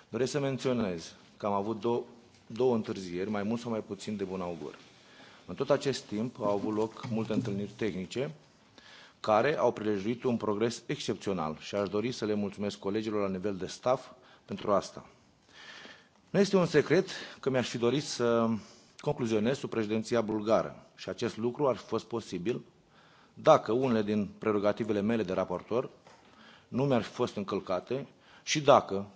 Doresc să menționez că am avut două, două întârzieri, mai mult sau mai puțin de bun augur. În tot acest timp au avut loc multe întâlniri tehnice care au prelejuit un progres excepțional și aș dori să le mulțumesc colegilor la nivel de staff pentru asta. Nu este un secret că mi-aș fi dorit să concluzionez sub președinția bulgară și acest lucru ar fi fost posibil dacă unele din prerogativele mele de raportor nu mi-ar fi fost încălcate și dacă,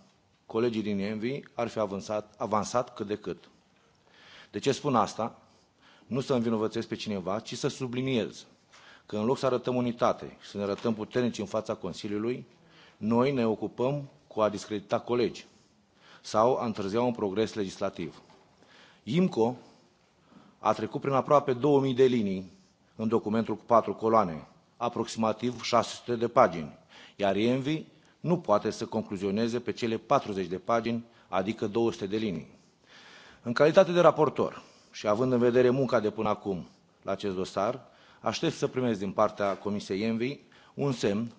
colegii din ENVI ar fi avansat, avansat cât de cât. De ce spun asta? Nu să învinovățesc pe cineva, ci să subliniez că în loc să arătăm unitate și să ne arătăm puternici în fața Consiliului, noi ne ocupăm cu a discredita colegi sau a întârzia un progres legislativ. IMCO a trecut prin aproape 2000 de linii în documentul cu patru coloane, aproximativ 600 de pagini, iar ENVI nu poate să concluzioneze pe cele 40 de pagini, adică 200 de linii. În calitate de raportor și având în vedere munca de până acum la acest dosar, aștept să primez din partea Comisiei ENVI un semn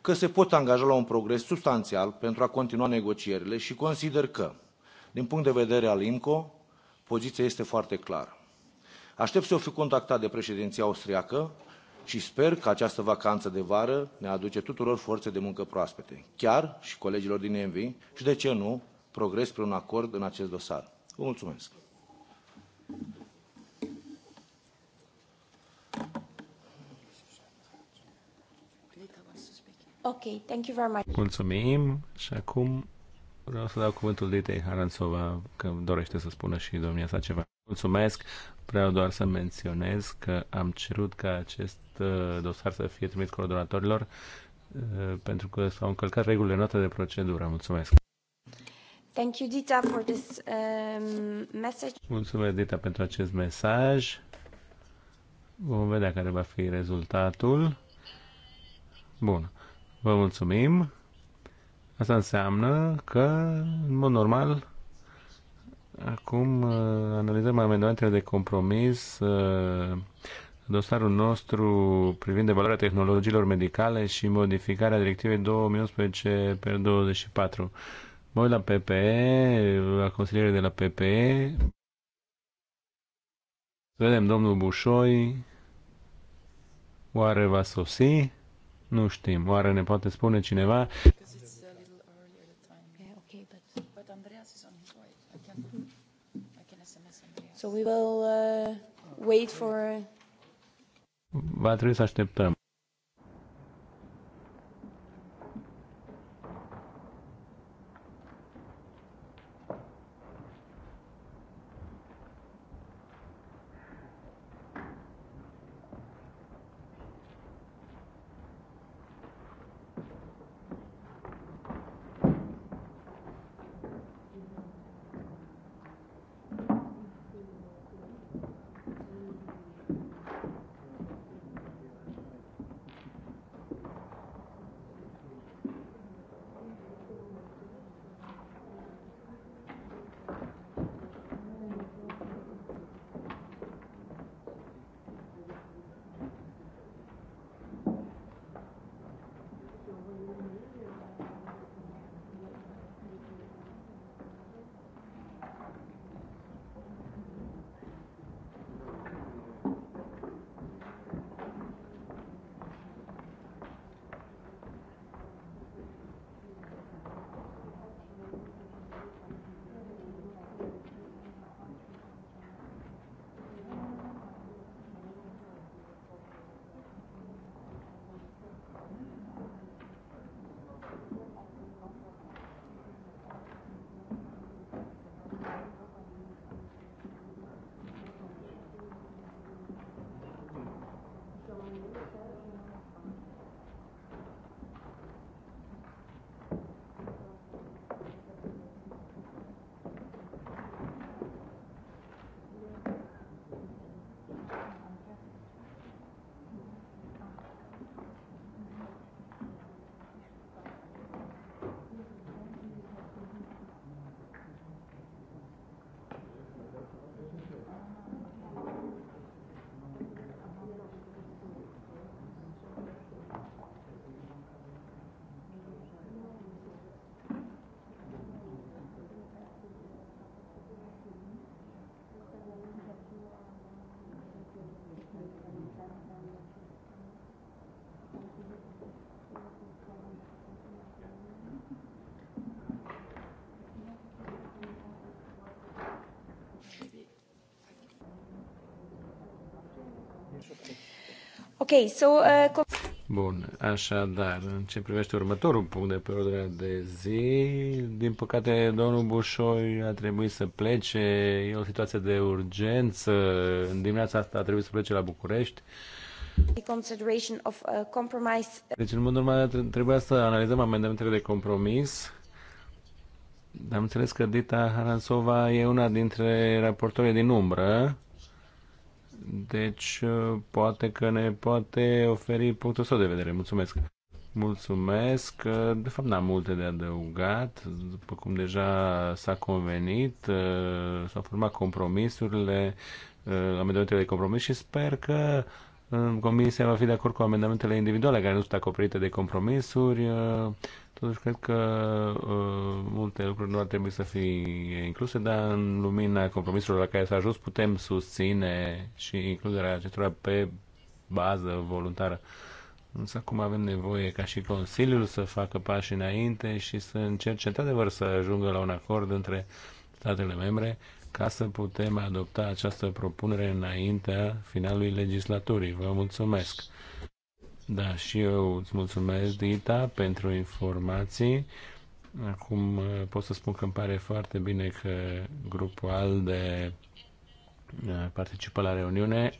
că se pot angaja la un progres substanțial pentru a continua negocierile și consider că, din punct de vedere al IMCO, poziția este foarte clară. Aștept să fiu contactat de președinția austriacă și sper că această vacanță de vară ne aduce tuturor forțe de muncă proaspete, chiar și colegilor din ENVI și, de ce nu, progres spre un acord în acest dosar. Vă mulțumesc! Ok, thank you very much. Mulțumim și acum vreau să dau cuvântul Ditei Haranțova, că dorește să spună și domnia sa ceva. Mulțumesc, vreau doar să menționez că am cerut ca acest Uh, dosar să fie trimis coordonatorilor uh, pentru că s-au încălcat regulile noastre de procedură. Mulțumesc! Thank you, Dita, for this, um, message. Mulțumesc, Dita, pentru acest mesaj. Vom vedea care va fi rezultatul. Bun. Vă mulțumim. Asta înseamnă că, în mod normal, acum uh, analizăm amendamentele de compromis dosarul nostru privind evaluarea tehnologiilor medicale și modificarea directivei 2011 pe 24. Mă uit la PPE, la consiliere de la PPE. Să vedem domnul Bușoi. Oare va sosi? Nu știm. Oare ne poate spune cineva? So we will uh, wait for va trebui să așteptăm. Ok, so... Uh, Bun, așadar, în ce privește următorul punct de pe ordinea de zi, din păcate domnul Bușoi a trebuit să plece, e o situație de urgență, în dimineața asta a trebuit să plece la București. Uh, uh, deci, în mod normal, trebuia să analizăm amendamentele de compromis. Am înțeles că Dita Haransova e una dintre raportorii din umbră deci, uh, poate că ne poate oferi punctul său de vedere. Mulțumesc! Mulțumesc! Uh, de fapt, n-am multe de adăugat. După cum deja s-a convenit, uh, s-au format compromisurile, amendamentele de compromis și sper că Comisia va fi de acord cu amendamentele individuale care nu sunt acoperite de compromisuri Totuși, cred că uh, multe lucruri nu ar trebui să fie incluse, dar în lumina compromisurilor la care s-a ajuns putem susține și includerea acestora pe bază voluntară. Însă acum avem nevoie ca și Consiliul să facă pași înainte și să încerce într-adevăr să ajungă la un acord între statele membre ca să putem adopta această propunere înaintea finalului legislaturii. Vă mulțumesc! Da, și eu îți mulțumesc, Dita, pentru informații. Acum uh, pot să spun că îmi pare foarte bine că grupul ALDE uh, participă la reuniune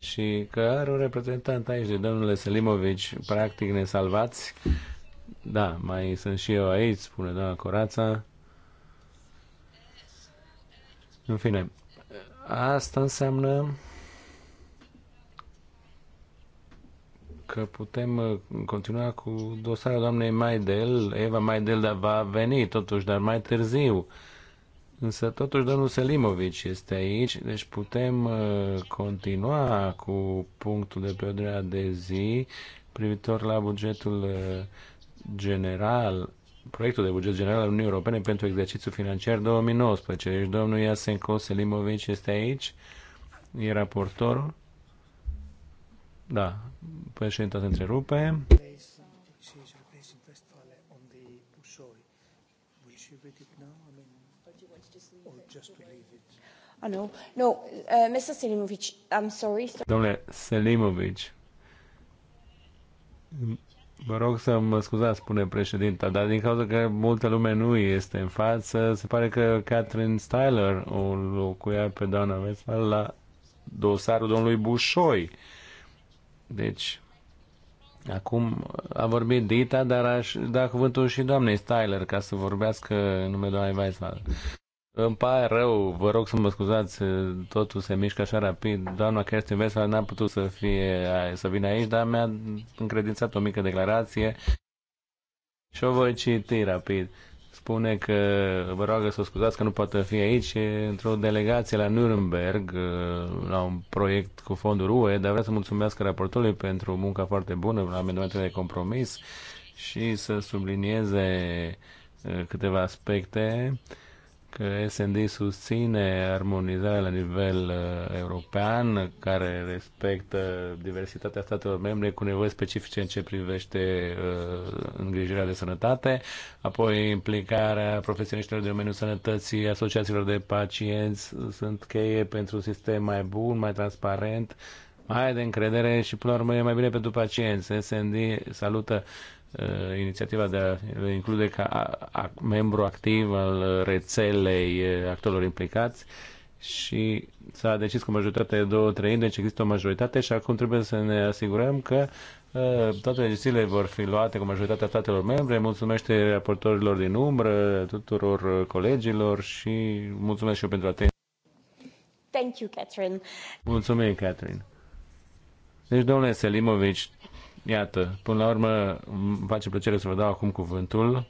și că are un reprezentant aici de domnule Selimovici, practic ne salvați. Da, mai sunt și eu aici, spune doamna Corața. În fine, uh, asta înseamnă că putem uh, continua cu dosarea doamnei Maidel. Eva Maidel da, va veni totuși, dar mai târziu. Însă totuși domnul Selimovic este aici, deci putem uh, continua cu punctul de pe ordinea de zi privitor la bugetul uh, general, proiectul de buget general al Uniunii Europene pentru exercițiul financiar 2019. Deci domnul Iasenko Selimovic este aici, e raportorul da, președinte, se întrerupe. Uh, Domnule Selimovic, vă rog să mă scuzați, spune președinta, dar din cauza că multă lume nu este în față, se pare că Catherine Styler o locuia pe doamna Westphal la dosarul domnului Bușoi. Deci, acum a vorbit Dita, dar aș da cuvântul și doamnei Styler ca să vorbească în numele doamnei Weissman. Îmi pare rău, vă rog să mă scuzați, totul se mișcă așa rapid. Doamna Kerstin Vesla n-a putut să, fie, să vină aici, dar mi-a încredințat o mică declarație și o voi citi rapid spune că vă roagă să o scuzați că nu poate fi aici, într-o delegație la Nuremberg, uh, la un proiect cu fonduri UE, dar vreau să mulțumesc raportului pentru munca foarte bună la amendamentele de compromis și să sublinieze uh, câteva aspecte că SND susține armonizarea la nivel uh, european care respectă diversitatea statelor membre cu nevoi specifice în ce privește uh, îngrijirea de sănătate, apoi implicarea profesioniștilor de domeniul sănătății, asociațiilor de pacienți sunt cheie pentru un sistem mai bun, mai transparent, mai de încredere și, până la urmă, e mai bine pentru pacienți. SND salută uh, Eh, inițiativa de a le include ca a, a, membru activ al rețelei eh, actorilor implicați și s-a decis cu majoritate de două treimi, deci există o majoritate și acum trebuie să ne asigurăm că eh, toate deciziile vor fi luate cu majoritatea statelor membre. Mulțumesc raportorilor din umbră, tuturor colegilor și mulțumesc și eu pentru atenție. Thank you, Catherine. Mulțumim, Catherine. Deci, domnule Selimovici, Iată, până la urmă, îmi face plăcere să vă dau acum cuvântul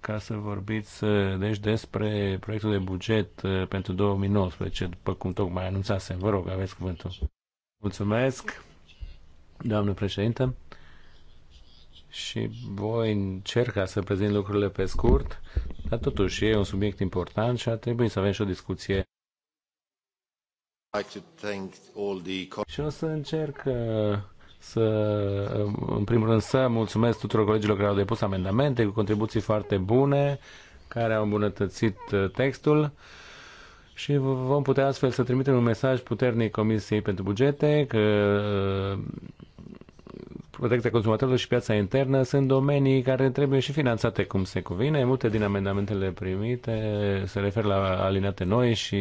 ca să vorbiți eh, deci, despre proiectul de buget eh, pentru 2019, după cum tocmai anunțasem. Vă rog, aveți cuvântul. Mulțumesc, doamnă președintă, și voi încerca să prezint lucrurile pe scurt, dar totuși e un subiect important și ar trebui să avem și o discuție și o să încerc eh, să, în primul rând, să mulțumesc tuturor colegilor care au depus amendamente cu contribuții foarte bune, care au îmbunătățit uh, textul și vom putea astfel să trimitem un mesaj puternic Comisiei pentru Bugete că uh, protecția consumatorilor și piața internă sunt domenii care trebuie și finanțate cum se cuvine. Multe din amendamentele primite se referă la alinate noi și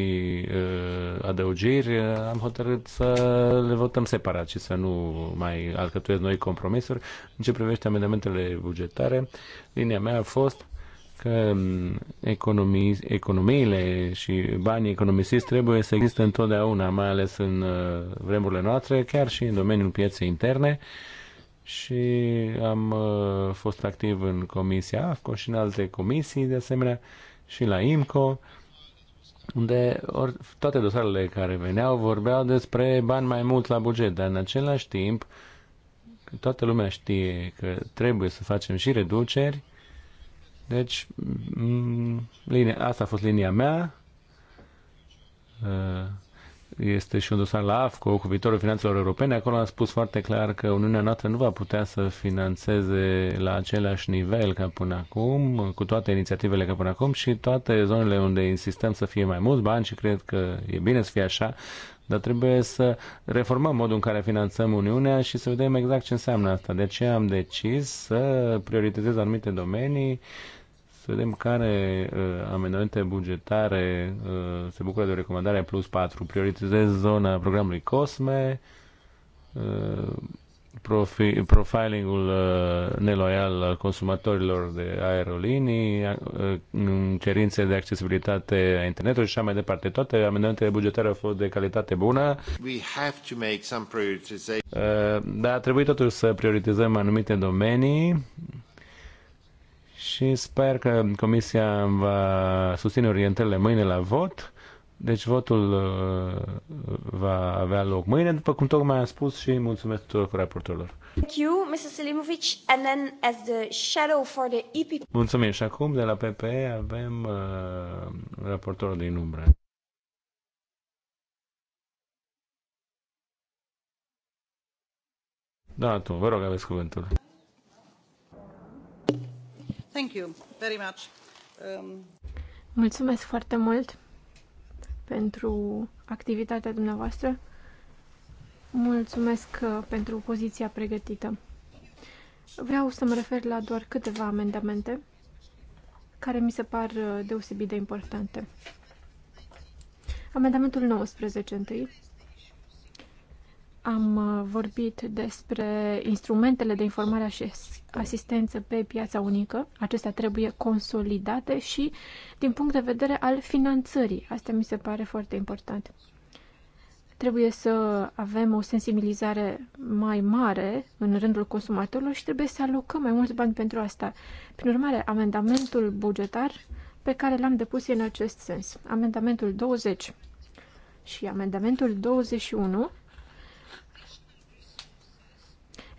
uh, adăugiri. Am hotărât să le votăm separat și să nu mai alcătuiesc noi compromisuri. În ce privește amendamentele bugetare, linia mea a fost că um, economii, economiile și banii economisiți trebuie să existe întotdeauna, mai ales în uh, vremurile noastre, chiar și în domeniul pieței interne. Uh, și am uh, fost activ în Comisia AFCO și în alte comisii de asemenea și la IMCO unde or, toate dosarele care veneau vorbeau despre bani mai mult la buget, dar în același timp toată lumea știe că trebuie să facem și reduceri. Deci, mm, linia, asta a fost linia mea. Uh, este și un dosar la AFCO cu viitorul finanțelor europene. Acolo a spus foarte clar că Uniunea noastră nu va putea să financeze la același nivel ca până acum, cu toate inițiativele ca până acum și toate zonele unde insistăm să fie mai mulți bani și cred că e bine să fie așa, dar trebuie să reformăm modul în care finanțăm Uniunea și să vedem exact ce înseamnă asta. De ce am decis să prioritizez anumite domenii, să vedem care uh, amendamente bugetare uh, se bucură de o recomandare plus 4. Prioritizez zona programului COSME, uh, profi, profilingul uh, neloial al consumatorilor de aerolinii, uh, cerințe de accesibilitate a internetului și așa mai departe. Toate amendamentele bugetare au fost de calitate bună. We have to make some Uh, dar a trebuit totuși să prioritizăm anumite domenii și sper că Comisia va susține orientările mâine la vot. Deci votul uh, va avea loc mâine, după cum tocmai am spus și mulțumesc tuturor cu raportorilor. Thank you, Mr. Selimovic. And then as the shadow for the EPP... Mulțumim. Și acum de la PPE avem uh, raportorul din umbră. Da, tu, vă rog, aveți cuvântul. Thank you very much. Um... Mulțumesc foarte mult pentru activitatea dumneavoastră. Mulțumesc uh, pentru poziția pregătită. Vreau să mă refer la doar câteva amendamente care mi se par uh, deosebit de importante. Amendamentul 19 întâi am uh, vorbit despre instrumentele de informare și asistență pe piața unică. Acestea trebuie consolidate și din punct de vedere al finanțării. Asta mi se pare foarte important. Trebuie să avem o sensibilizare mai mare în rândul consumatorilor și trebuie să alocăm mai mulți bani pentru asta. Prin urmare, amendamentul bugetar pe care l-am depus în acest sens. Amendamentul 20 și amendamentul 21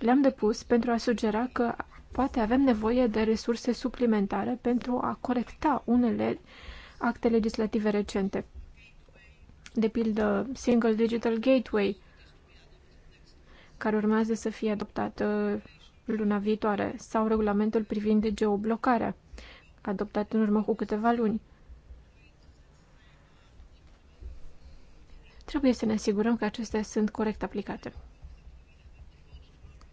le-am depus pentru a sugera că poate avem nevoie de resurse suplimentare pentru a corecta unele acte legislative recente. De pildă, Single Digital Gateway, care urmează să fie adoptat uh, luna viitoare, sau regulamentul privind geoblocarea, adoptat în urmă cu câteva luni. Trebuie să ne asigurăm că acestea sunt corect aplicate.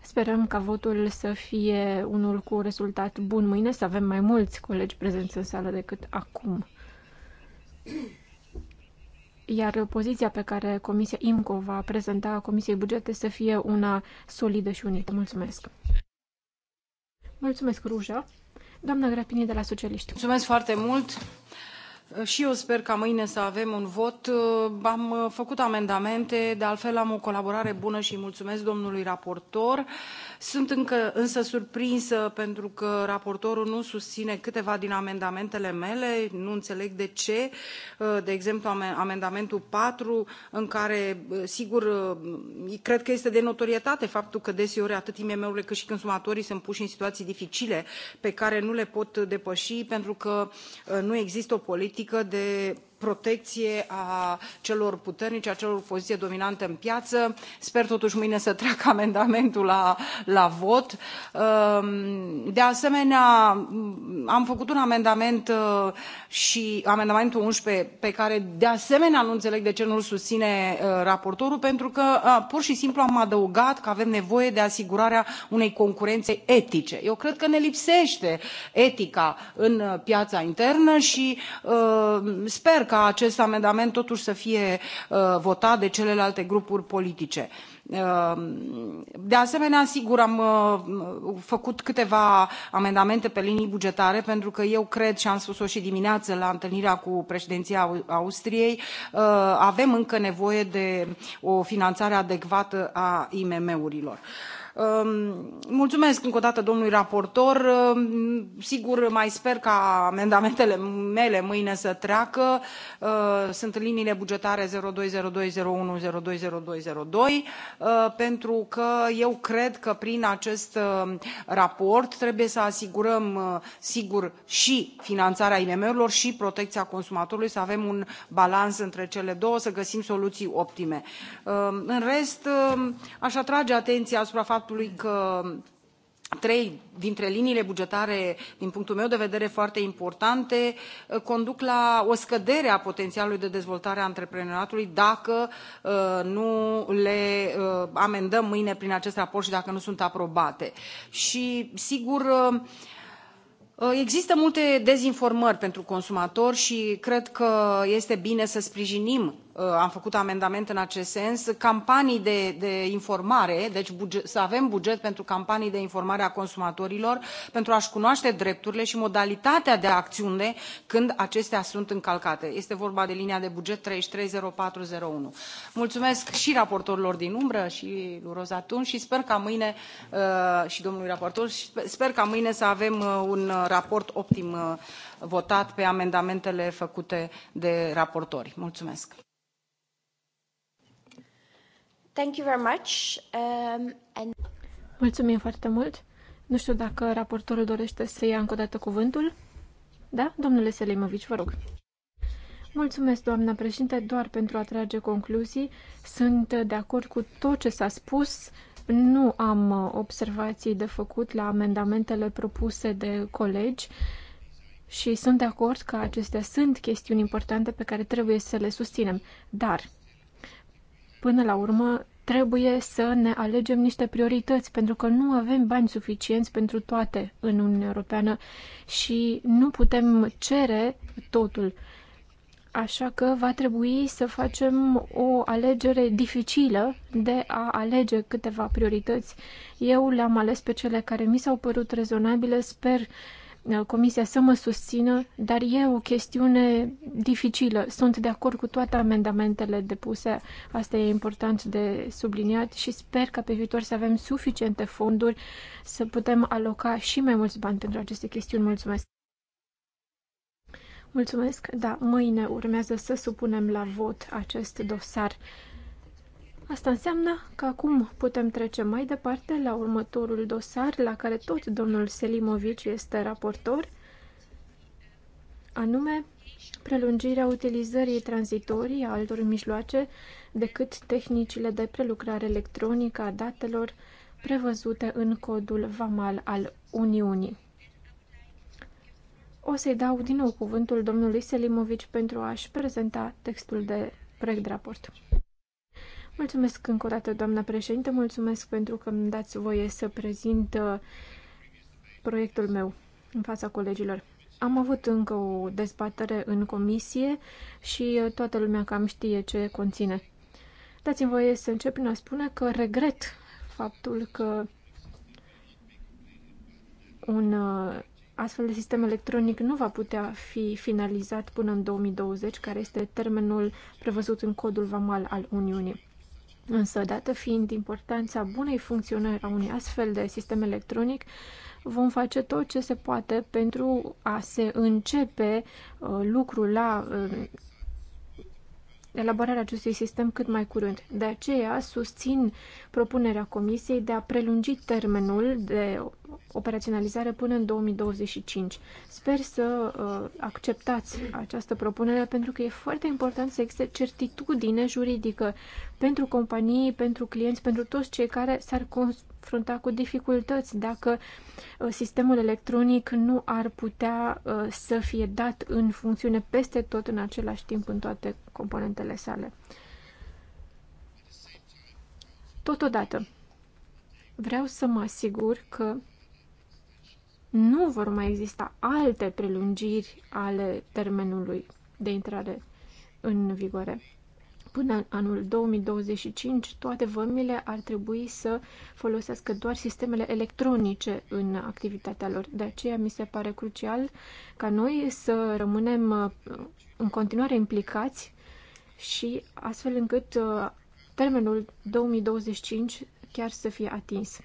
Sperăm ca votul să fie unul cu rezultat bun mâine, să avem mai mulți colegi prezenți în sală decât acum. Iar poziția pe care Comisia IMCO va prezenta Comisiei Bugete să fie una solidă și unită. Mulțumesc! Mulțumesc, Ruja! Doamna Grapini de la Socialiști. Mulțumesc foarte mult! și eu sper ca mâine să avem un vot. Uh, am uh, făcut amendamente, de altfel am o colaborare bună și mulțumesc domnului raportor. Uh, sunt încă însă surprinsă pentru că raportorul nu susține câteva din amendamentele mele, nu înțeleg de ce. Uh, de exemplu, amendamentul patru, în care, uh, sigur, uh, cred că este de notorietate faptul că deseori atât IMM-urile cât și consumatorii sunt puși în situații dificile pe care nu le pot depăși pentru că nu există o politică de protecție a celor puternici, a celor cu poziție dominantă în piață. Sper totuși mâine să treacă amendamentul la, la vot. Ehm, de asemenea, am făcut un amendament uh, și amendamentul 11 pe care de asemenea nu înțeleg de ce nu îl susține uh, raportorul, pentru că uh, pur și simplu am adăugat că avem nevoie de asigurarea unei concurențe etice. Eu cred că ne lipsește etica în piața internă și sper ca acest amendament totuși să fie uh, votat de celelalte grupuri politice. Uh, de asemenea, sigur, am uh, făcut câteva amendamente pe linii bugetare, pentru că eu cred și am spus-o și dimineață la întâlnirea cu președinția Austriei, avem încă nevoie de o finanțare adecvată a IMM-urilor. Ehm, mulțumesc încă o dată domnului raportor. Ehm, sigur, mai sper ca amendamentele mele mâine să treacă. Ehm, sunt în liniile bugetare 020201 020202 pentru că eu cred că prin acest raport trebuie să asigurăm, sigur, și finanțarea IMM-urilor și protecția consumatorului, să avem un balans între cele două, să găsim soluții optime. În rest, aș atrage atenția asupra faptului faptului că trei dintre liniile bugetare din punctul meu de vedere foarte importante uh, conduc la o scădere a potențialului de dezvoltare a antreprenoriatului dacă uh, nu le uh, amendăm mâine prin acest raport și dacă nu sunt aprobate. Și sigur există multe dezinformări pentru consumatori și cred că este bine să sprijinim Uh, am făcut amendament în acest sens campanii de, de informare deci buget, să avem buget pentru campanii de informare a consumatorilor pentru a și cunoaște drepturile și modalitatea de acțiune când acestea sunt încălcate. este vorba de linia de buget treizeci și patru zero unu mulțumesc și raportorilor din umbră și lui Rozatun și sper ca mâine uh, și domnului raportor și sper ca mâine să avem uh, un raport optim votat pe amendamentele făcute de raportori. mulțumesc. Thank you very much. Um, and... Mulțumim foarte mult. Nu știu dacă raportorul dorește să ia încă o dată cuvântul. Da? Domnule Selimovici, vă rog. Mulțumesc, doamna președinte, doar pentru a trage concluzii. Sunt de acord cu tot ce s-a spus. Nu am observații de făcut la amendamentele propuse de colegi și sunt de acord că acestea sunt chestiuni importante pe care trebuie să le susținem. Dar Până la urmă, trebuie să ne alegem niște priorități, pentru că nu avem bani suficienți pentru toate în Uniunea Europeană și nu putem cere totul. Așa că va trebui să facem o alegere dificilă de a alege câteva priorități. Eu le-am ales pe cele care mi s-au părut rezonabile, sper Uh, comisia să mă susțină, dar e o chestiune dificilă. Sunt de acord cu toate amendamentele depuse, asta e important de subliniat și sper ca pe viitor să avem suficiente fonduri să putem aloca și mai mulți bani pentru aceste chestiuni. Mulțumesc! Mulțumesc! Da, mâine urmează să supunem la vot acest dosar. Asta înseamnă că acum putem trece mai departe la următorul dosar la care tot domnul Selimovici este raportor, anume prelungirea utilizării tranzitorii a altor mijloace decât tehnicile de prelucrare electronică a datelor prevăzute în codul VAMAL al Uniunii. O să-i dau din nou cuvântul domnului Selimovici pentru a-și prezenta textul de proiect de raport. Mulțumesc încă o dată, doamna președinte, mulțumesc pentru că îmi dați voie să prezint uh, proiectul meu în fața colegilor. Am avut încă o dezbatere în comisie și uh, toată lumea cam știe ce conține. Dați-mi voie să încep prin a spune că regret faptul că un uh, astfel de sistem electronic nu va putea fi finalizat până în 2020, care este termenul prevăzut în codul VAMAL al Uniunii. Însă, dată fiind importanța bunei funcționări a unui astfel de sistem electronic, vom face tot ce se poate pentru a se începe uh, lucrul la uh, elaborarea acestui sistem cât mai curând. De aceea susțin propunerea Comisiei de a prelungi termenul de operaționalizare până în 2025. Sper să uh, acceptați această propunere pentru că e foarte important să existe certitudine juridică pentru companii, pentru clienți, pentru toți cei care s-ar confrunta cu dificultăți dacă uh, sistemul electronic nu ar putea uh, să fie dat în funcțiune peste tot în același timp în toate componentele sale. Totodată, vreau să mă asigur că nu vor mai exista alte prelungiri ale termenului de intrare în vigoare. Până în anul 2025, toate vămile ar trebui să folosească doar sistemele electronice în activitatea lor. De aceea mi se pare crucial ca noi să rămânem uh, în continuare implicați și astfel încât uh, termenul 2025 chiar să fie atins.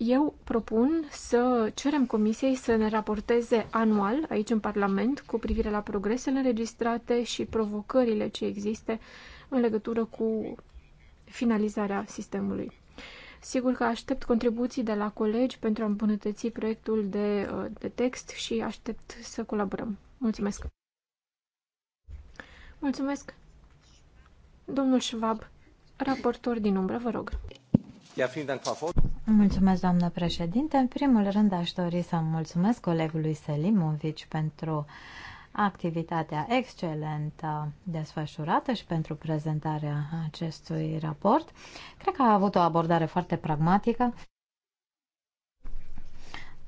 Eu propun să cerem Comisiei să ne raporteze anual aici în Parlament cu privire la progresele înregistrate și provocările ce există în legătură cu finalizarea sistemului. Sigur că aștept contribuții de la colegi pentru a îmbunătăți proiectul de, de text și aștept să colaborăm. Mulțumesc! Mulțumesc! Domnul Schwab, raportor din umbră, vă rog. Mulțumesc, doamnă președinte. În primul rând aș dori să mulțumesc colegului Selimovici pentru activitatea excelentă desfășurată și pentru prezentarea acestui raport. Cred că a avut o abordare foarte pragmatică.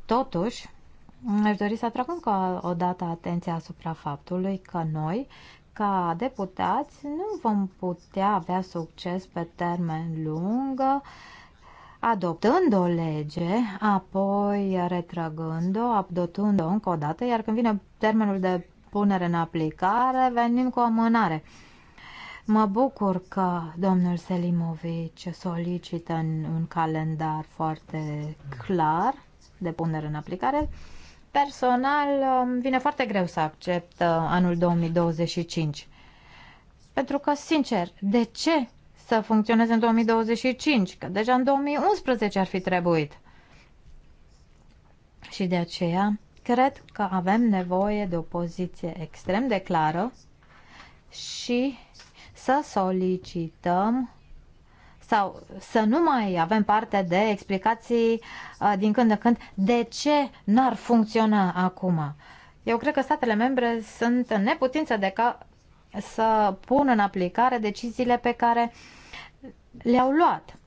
Totuși, aș dori să atrag încă o dată atenția asupra faptului că noi, ca deputați, nu vom putea avea succes pe termen lung uh, adoptând o lege, apoi retrăgând-o, adoptând-o încă o dată, iar când vine termenul de punere în aplicare, venim cu o amânare. Mă bucur că domnul Selimovic solicită un calendar foarte clar de punere în aplicare. Personal, vine foarte greu să accept uh, anul 2025. Pentru că, sincer, de ce să funcționeze în 2025, că deja în 2011 ar fi trebuit. Și de aceea cred că avem nevoie de o poziție extrem de clară și să solicităm sau să nu mai avem parte de explicații uh, din când în când de ce n-ar funcționa acum. Eu cred că statele membre sunt în neputință de ca să pună în aplicare deciziile pe care uh, le-au luat.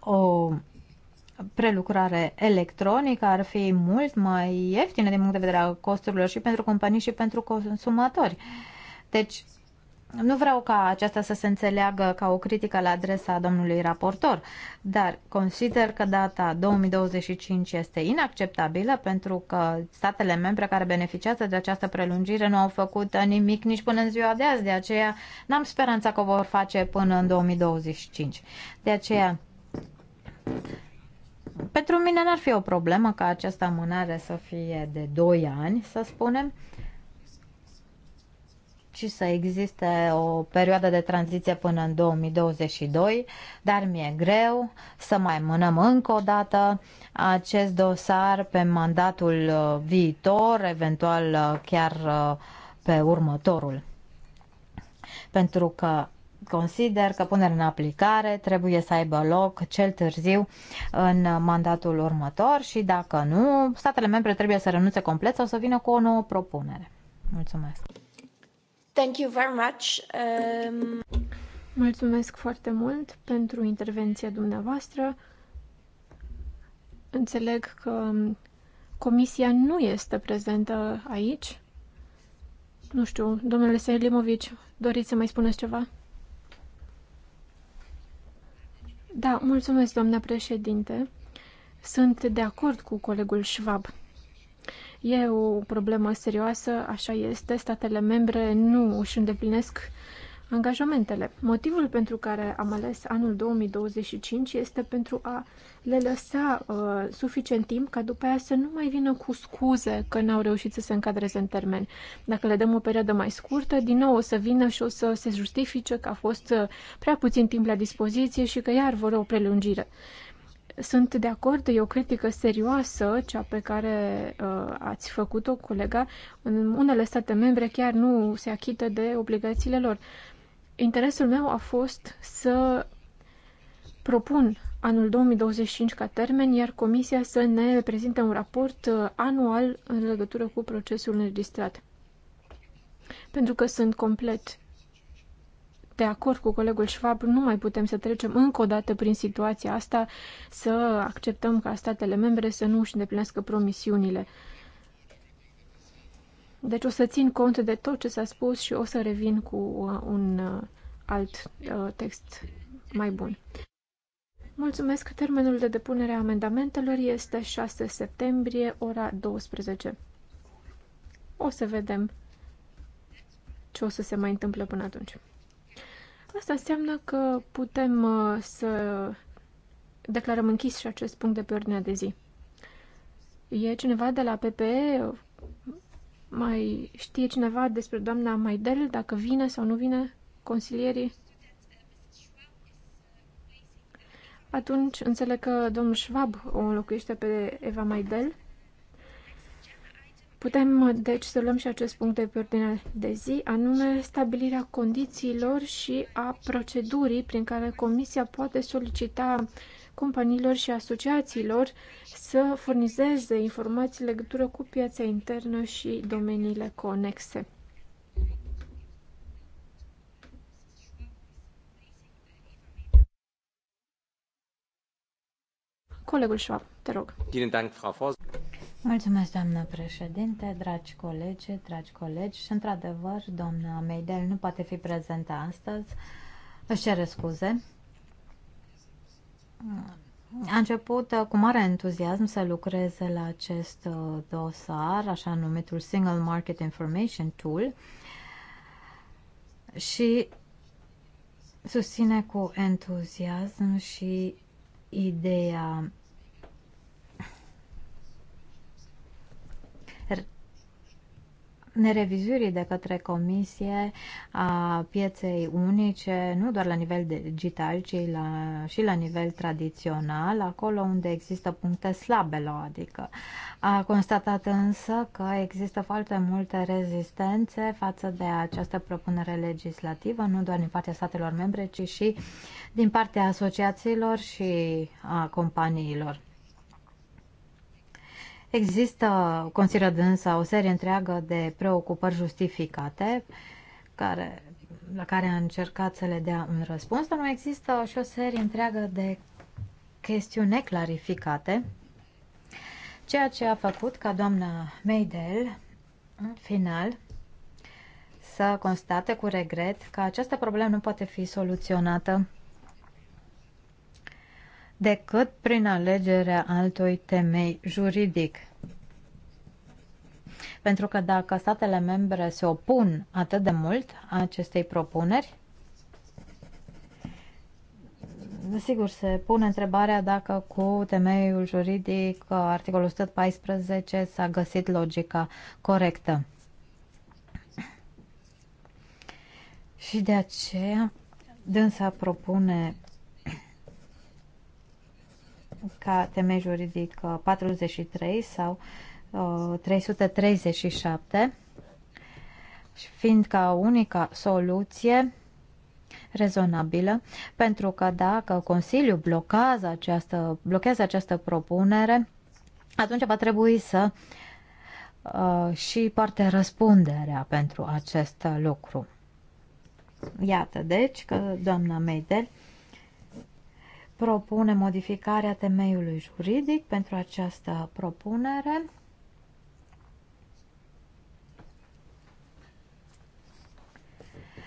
O prelucrare electronică ar fi mult mai ieftină din punct de vedere al costurilor și pentru companii și pentru consumatori. Deci, nu vreau ca aceasta să se înțeleagă ca o critică la adresa domnului raportor, dar consider că data 2025 este inacceptabilă pentru că statele membre care beneficiază de această prelungire nu au făcut nimic nici până în ziua de azi, de aceea n-am speranța că o vor face până în 2025. De aceea pentru mine n-ar fi o problemă ca această amânare să fie de 2 ani, să spunem, și să existe o perioadă de tranziție până în 2022, dar mi-e greu să mai mânăm încă o dată acest dosar pe mandatul uh, viitor, eventual uh, chiar uh, pe următorul. Pentru că consider că punerea în aplicare trebuie să aibă loc cel târziu în mandatul următor și dacă nu, statele membre trebuie să renunțe complet sau să vină cu o nouă propunere. Mulțumesc! Thank you very much. Um... Mulțumesc foarte mult pentru intervenția dumneavoastră. Înțeleg că comisia nu este prezentă aici. Nu știu, domnule Selimovici, doriți să mai spuneți ceva? Da, mulțumesc, doamna președinte. Sunt de acord cu colegul Schwab. E o problemă serioasă, așa este. Statele membre nu își îndeplinesc angajamentele. Motivul pentru care am ales anul 2025 este pentru a le lăsa uh, suficient timp ca după aia să nu mai vină cu scuze că n-au reușit să se încadreze în termen. Dacă le dăm o perioadă mai scurtă, din nou o să vină și o să se justifice că a fost uh, prea puțin timp la dispoziție și că iar vor o prelungire. Sunt de acord, e o critică serioasă, cea pe care uh, ați făcut-o, colega. În unele state membre chiar nu se achită de obligațiile lor. Interesul meu a fost să propun anul 2025 ca termen, iar Comisia să ne prezinte un raport uh, anual în legătură cu procesul înregistrat. Pentru că sunt complet de acord cu colegul Schwab, nu mai putem să trecem încă o dată prin situația asta, să acceptăm ca statele membre să nu își îndeplinească promisiunile. Deci o să țin cont de tot ce s-a spus și o să revin cu uh, un uh, alt uh, text mai bun. Mulțumesc. Termenul de depunere a amendamentelor este 6 septembrie, ora 12. O să vedem ce o să se mai întâmple până atunci. Asta înseamnă că putem uh, să declarăm închis și acest punct de pe ordinea de zi. E cineva de la PPE? Mai știe cineva despre doamna Maidel, dacă vine sau nu vine consilierii? Atunci înțeleg că domnul Schwab o înlocuiește pe Eva Maidel. Putem, deci, să luăm și acest punct de pe ordine de zi, anume stabilirea condițiilor și a procedurii prin care Comisia poate solicita companiilor și asociațiilor să furnizeze informații în legătură cu piața internă și domeniile conexe. Colegul Schwab, te rog. Mulțumesc, doamnă președinte, dragi colegi, dragi colegi și, într-adevăr, doamna Meidel nu poate fi prezentă astăzi. Își cere scuze. A început cu mare entuziasm să lucreze la acest uh, dosar, așa numitul Single Market Information Tool, și susține cu entuziasm și ideea revizuirii de către Comisie a pieței unice, nu doar la nivel digital, ci la, și la nivel tradițional, acolo unde există puncte slabe, adică. A constatat însă că există foarte multe rezistențe față de această propunere legislativă, nu doar din partea statelor membre, ci și din partea asociațiilor și a companiilor. Există, consideră dânsa, o serie întreagă de preocupări justificate care, la care a încercat să le dea un răspuns, dar nu există și o serie întreagă de chestiuni neclarificate, ceea ce a făcut ca doamna Meidel, în final, să constate cu regret că această problemă nu poate fi soluționată decât prin alegerea altui temei juridic. Pentru că dacă statele membre se opun atât de mult acestei propuneri, sigur, se pune întrebarea dacă cu temeiul juridic, articolul 114, s-a găsit logica corectă. Și de aceea, dânsa propune ca temei juridic 43 uh, sau 337 uh, și fiind ca unica soluție rezonabilă, pentru că dacă Consiliul blochează această, blochează această propunere, atunci va trebui să uh, și parte răspunderea pentru acest lucru. Iată, deci, că doamna Meidel propune modificarea temeiului juridic pentru această propunere.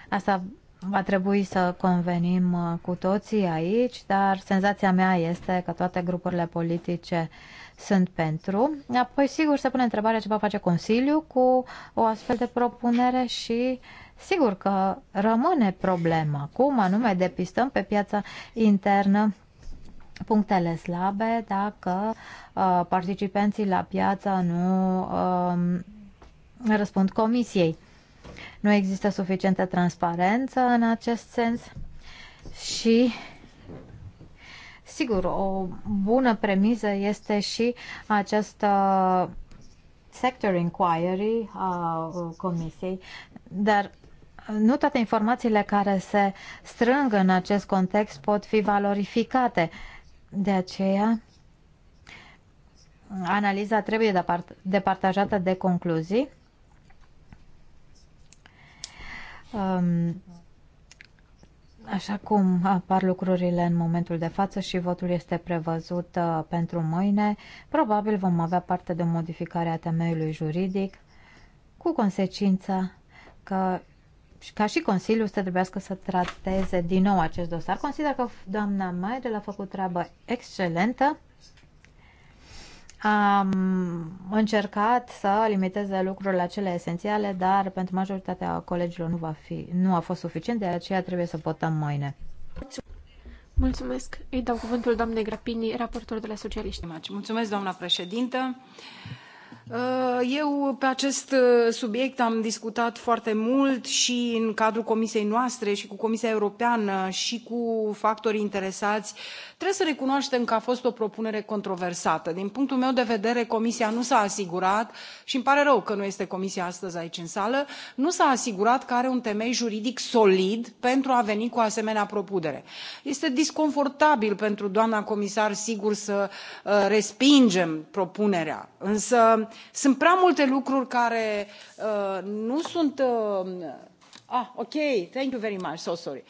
Asta Va trebui să convenim uh, cu toții aici, dar senzația mea este că toate grupurile politice sunt pentru. Apoi, sigur, se pune întrebarea ce va face Consiliul cu o astfel de propunere și sigur că rămâne problema. Cum anume depistăm pe piața internă punctele slabe dacă uh, participanții la piață nu uh, răspund comisiei. Nu există suficientă transparență în acest sens și Sigur, o bună premisă este și această sector inquiry a uh, Comisiei, dar nu toate informațiile care se strâng în acest context pot fi valorificate. De aceea, analiza trebuie departajată de concluzii um, așa cum apar lucrurile în momentul de față și votul este prevăzut uh, pentru mâine, probabil vom avea parte de modificare a temeiului juridic, cu consecința că ca și Consiliul să trebuiască să trateze din nou acest dosar. Consider că doamna Maier a făcut treabă excelentă. Am încercat să limiteze lucrurile acele esențiale, dar pentru majoritatea colegilor nu, va fi, nu a fost suficient, de aceea trebuie să votăm mâine. Mulțumesc. Îi dau cuvântul doamnei Grapini, raportor de la Socialiști. Mulțumesc, doamna președintă. Uh, eu pe acest uh, subiect am discutat foarte mult și în cadrul comisiei noastre și cu Comisia Europeană și cu factorii interesați. Trebuie să recunoaștem că a fost o propunere controversată. Din punctul meu de vedere, Comisia nu s-a asigurat și îmi pare rău că nu este Comisia astăzi aici în sală, nu s-a asigurat că are un temei juridic solid pentru a veni cu asemenea propunere. Este disconfortabil pentru doamna comisar, sigur, să uh, respingem propunerea, însă sunt prea multe lucruri care uh, nu sunt uh, Ah, ok, thank you very much, so sorry.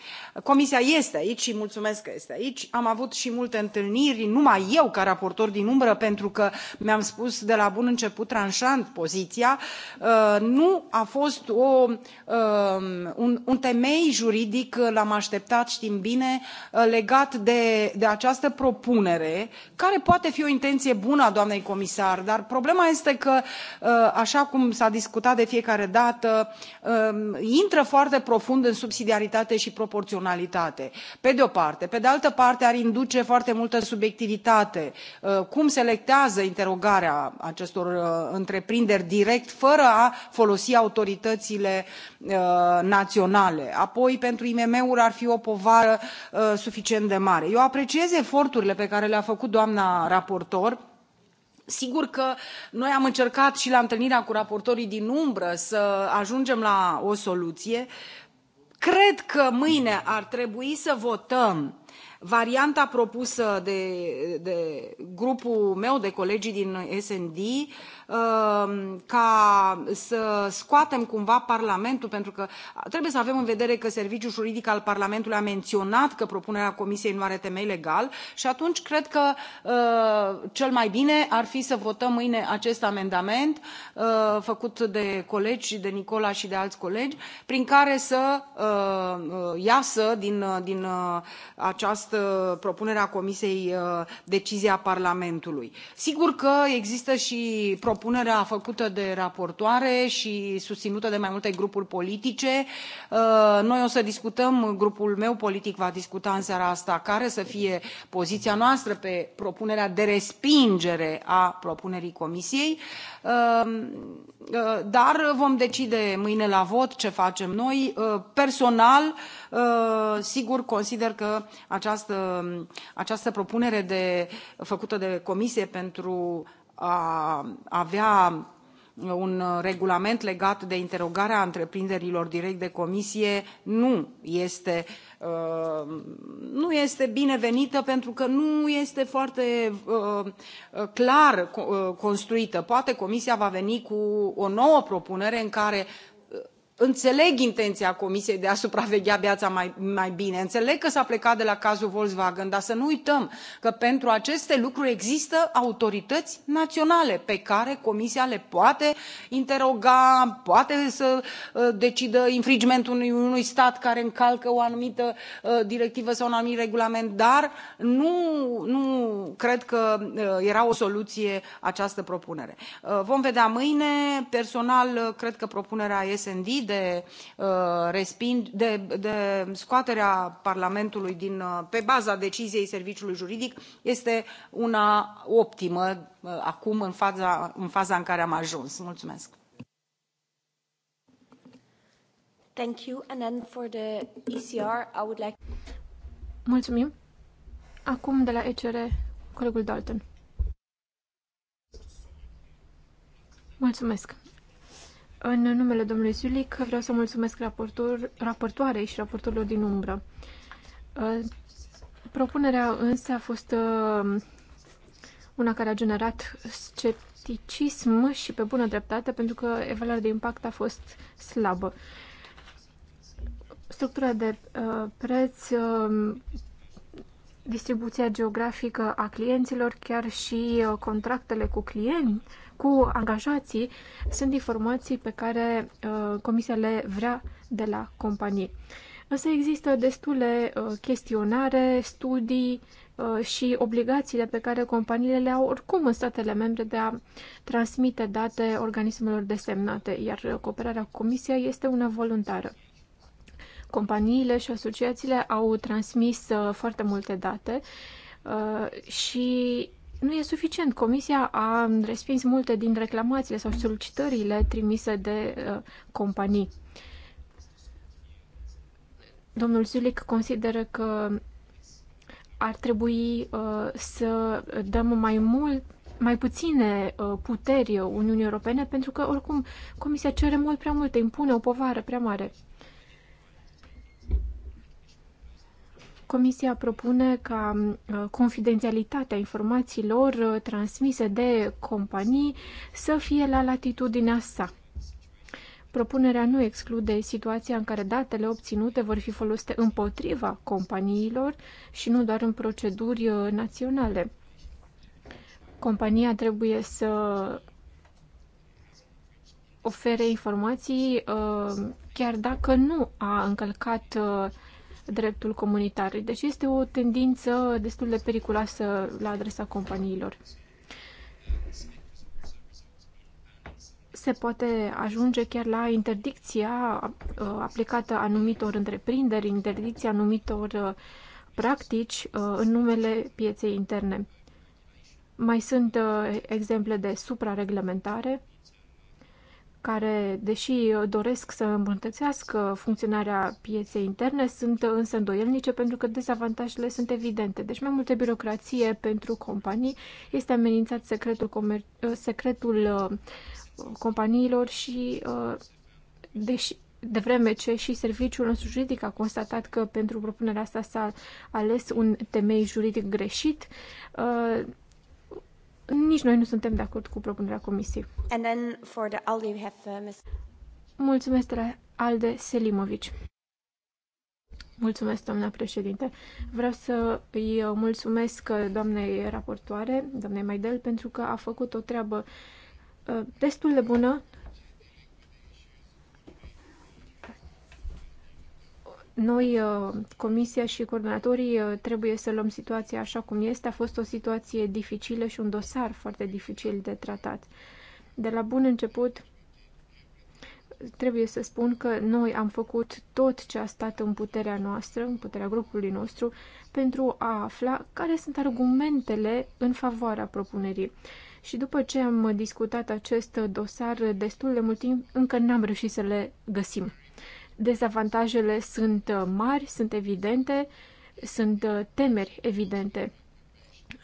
Comisia este aici și mulțumesc că este aici. Am avut și multe întâlniri, numai eu ca raportor din umbră, pentru că mi-am spus de la bun început tranșant poziția. Uh, nu a fost o, um, un, temei juridic, l-am așteptat, știm bine, uh, legat de, de această propunere, care poate fi o intenție bună a doamnei comisar, dar problema este că, uh, așa cum s-a discutat de fiecare dată, um, intră foarte profund în subsidiaritate și proporționalitate pe de o parte pe de altă parte ar induce foarte multă subiectivitate uh, cum selectează interogarea acestor uh, întreprinderi direct fără a folosi autoritățile uh, naționale apoi pentru imm uri ar fi o povară suficient de mare. eu apreciez eforturile pe care le a făcut doamna raportor sigur că noi am încercat și la întâlnirea cu raportorii din umbră să ajungem la o soluție cred că mâine ar trebui să votăm varianta propusă de, de grupul meu de colegii din sd Um, ca să scoatem cumva Parlamentul, pentru că trebuie să avem în vedere că Serviciul Juridic al Parlamentului a menționat că propunerea Comisiei nu are temei legal și atunci cred că uh, cel mai bine ar fi să votăm mâine acest amendament uh, făcut de colegi, de Nicola și de alți colegi, prin care să uh, iasă din, din această propunere a Comisiei decizia Parlamentului. Sigur că există și probleme propunerea făcută de raportoare și susținută de mai multe grupuri politice. Uh, noi o să discutăm, grupul meu politic va discuta în seara asta care să fie poziția noastră pe propunerea de respingere a propunerii Comisiei, uh, uh, dar vom decide mâine la vot ce facem noi. Personal, sigur, consider că această, această propunere de, făcută de Comisie pentru a avea un regulament legat de interogarea întreprinderilor direct de comisie nu este, uh, nu este binevenită pentru că nu este foarte uh, clar uh, construită. poate comisia va veni cu o nouă propunere în care înțeleg intenția comisiei de a supraveghea piața mai, bine înțeleg că s a plecat de la cazul volkswagen dar să nu uităm că pentru aceste lucruri există autorități naționale pe care comisia le poate interoga poate să uh, decidă infringementul unui, unui stat care încalcă o anumită uh, directivă sau un anumit regulament dar nu, nu cred că uh, era o soluție această propunere. vom vedea mâine personal cred că propunerea sd de, uh, resping, scoaterea Parlamentului din, uh, pe baza deciziei Serviciului Juridic este una optimă uh, acum în faza, în faza în care am ajuns. Mulțumesc. Thank you. And then for the ECR, I would like... Mulțumim. Acum de la ECR, colegul Dalton. Mulțumesc. În numele domnului Zulic vreau să mulțumesc raportor, raportoarei și raportorilor din umbră. Uh, propunerea însă a fost uh, una care a generat scepticism și pe bună dreptate pentru că evaluarea de impact a fost slabă. Structura de uh, preț, distribuția geografică a clienților, chiar și contractele cu clienți cu angajații sunt informații pe care uh, comisia le vrea de la companii. Însă există destule uh, chestionare, studii uh, și obligațiile pe care companiile le au oricum în statele membre de a transmite date organismelor desemnate, iar cooperarea cu comisia este una voluntară companiile și asociațiile au transmis foarte multe date și nu e suficient. Comisia a respins multe din reclamațiile sau solicitările trimise de uh, companii. Domnul Zulic consideră că ar trebui uh, să dăm mai mult mai puține uh, puteri Uniunii Europene, pentru că, oricum, Comisia cere mult prea multe, impune o povară prea mare. Comisia propune ca uh, confidențialitatea informațiilor uh, transmise de companii să fie la latitudinea sa. Propunerea nu exclude situația în care datele obținute vor fi folosite împotriva companiilor și nu doar în proceduri uh, naționale. Compania trebuie să ofere informații chiar dacă nu a încălcat dreptul comunitar. Deci este o tendință destul de periculoasă la adresa companiilor. Se poate ajunge chiar la interdicția uh, aplicată anumitor întreprinderi, interdicția anumitor uh, practici uh, în numele pieței interne. Mai sunt exemple de suprareglementare care, deși doresc să îmbunătățească funcționarea pieței interne, sunt însă îndoielnice pentru că dezavantajele sunt evidente. Deci mai multă birocrație pentru companii este amenințat secretul, comer- secretul uh, companiilor și uh, deși de vreme ce și serviciul nostru juridic a constatat că pentru propunerea asta s-a ales un temei juridic greșit, uh, nici noi nu suntem de acord cu propunerea comisiei. And then for the Aldi, we have, uh, Ms. Mulțumesc, Alde Selimovici. Mulțumesc, doamna președinte. Vreau să îi mulțumesc doamnei raportoare, doamnei Maidel, pentru că a făcut o treabă uh, destul de bună Noi, uh, Comisia și coordonatorii, uh, trebuie să luăm situația așa cum este. A fost o situație dificilă și un dosar foarte dificil de tratat. De la bun început, trebuie să spun că noi am făcut tot ce a stat în puterea noastră, în puterea grupului nostru, pentru a afla care sunt argumentele în favoarea propunerii. Și după ce am discutat acest dosar destul de mult timp, încă n-am reușit să le găsim. Dezavantajele sunt uh, mari, sunt evidente, sunt uh, temeri evidente.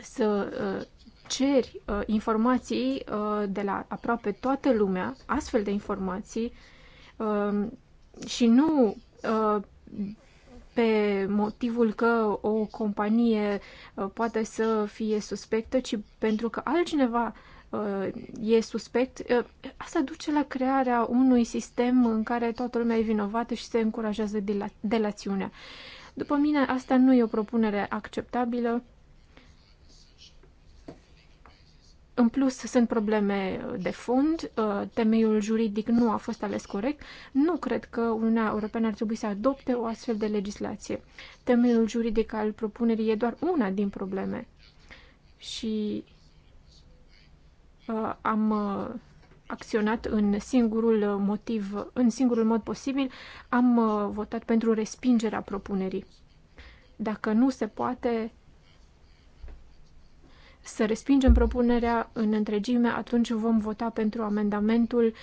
Să uh, ceri informații de la aproape toată lumea, astfel de informații, um, și nu pe motivul că o companie poate să fie suspectă, ci pentru că altcineva Uh, e suspect, uh, asta duce la crearea unui sistem în care toată lumea e vinovată și se încurajează delațiunea. După mine, asta nu e o propunere acceptabilă. În plus, sunt probleme de fond, uh, temeiul juridic nu a fost ales corect. Nu cred că Uniunea Europeană ar trebui să adopte o astfel de legislație. Temeiul juridic al propunerii e doar una din probleme. Și Uh, am uh, acționat în singurul uh, motiv, în singurul mod posibil, am votat pentru respingerea propunerii. Dacă nu se poate să respingem propunerea în întregime, atunci vom vota pentru amendamentul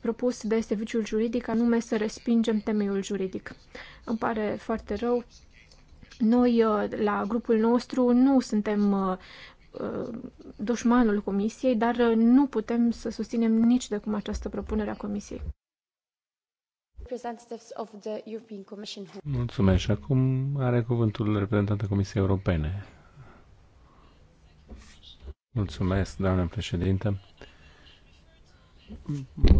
propus de serviciul juridic, anume să respingem temeiul juridic. Îmi pare foarte rău. Noi, la grupul nostru, nu suntem Uh, dușmanul Comisiei, dar uh, nu putem să susținem nici de cum această propunere a Comisiei. Mulțumesc. Și acum are cuvântul reprezentantul Comisiei Europene. Mulțumesc, doamnă președintă.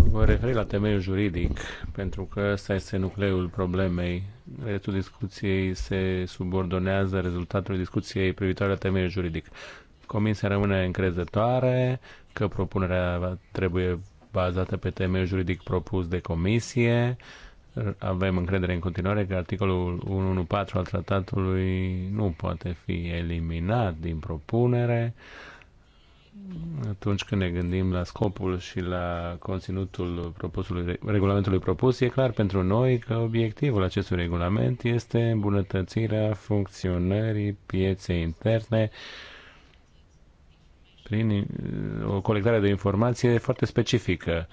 Vă referi la temeiul juridic, pentru că ăsta este nucleul problemei. Restul discuției se subordonează rezultatului discuției privitoare la temeiul juridic. Comisia rămâne încrezătoare că propunerea trebuie bazată pe temeiul juridic propus de comisie. Avem încredere în continuare că articolul 114 al tratatului nu poate fi eliminat din propunere atunci când ne gândim la scopul și la conținutul propusului, regulamentului propus, e clar pentru noi că obiectivul acestui regulament este îmbunătățirea funcționării pieței interne prin uh, o colectare de informație foarte specifică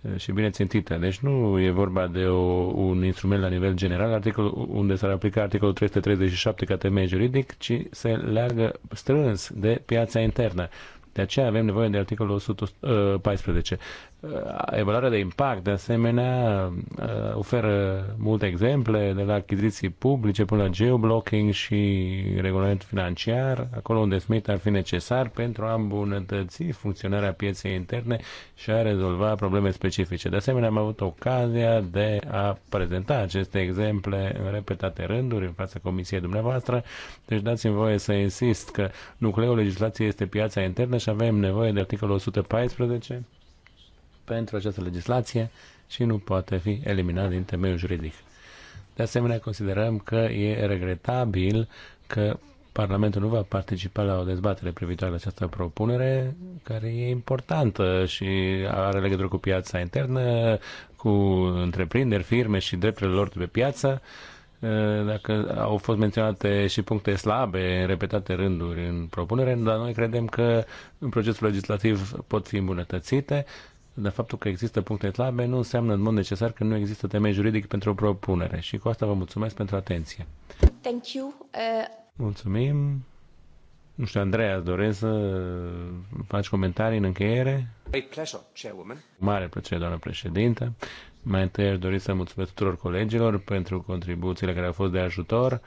uh, și bine țintită. Deci nu e vorba de o, un instrument la nivel general articol, unde s-ar aplica articolul 337 ca temei juridic, ci se leagă strâns de piața internă. De aceea avem nevoie de articolul 114. Uh, evaluarea de impact, de asemenea, uh, oferă multe exemple, de la achiziții publice până la geoblocking și regulament financiar, acolo unde SMIT ar fi necesar pentru a îmbunătăți funcționarea pieței interne și a rezolva probleme specifice. De asemenea, am avut ocazia de a prezenta aceste exemple în repetate rânduri în fața comisiei dumneavoastră, deci dați-mi voie să insist că nucleul legislației este piața internă și avem nevoie de articolul 114 pentru această legislație și nu poate fi eliminat din temeiul juridic. De asemenea, considerăm că e regretabil că Parlamentul nu va participa la o dezbatere privitoare la această propunere, care e importantă și are legătură cu piața internă, cu întreprinderi, firme și drepturile lor pe piață. Dacă au fost menționate și puncte slabe în repetate rânduri în propunere, dar noi credem că în procesul legislativ pot fi îmbunătățite de faptul că există puncte slabe nu înseamnă în mod necesar că nu există temei juridic pentru o propunere. Și cu asta vă mulțumesc pentru atenție. Thank you. Uh... Mulțumim. Nu știu, Andreea, doresc să faci comentarii în încheiere? Pleasure, Mare plăcere, doamnă președintă. Mai întâi aș dori să mulțumesc tuturor colegilor pentru contribuțiile care au fost de ajutor.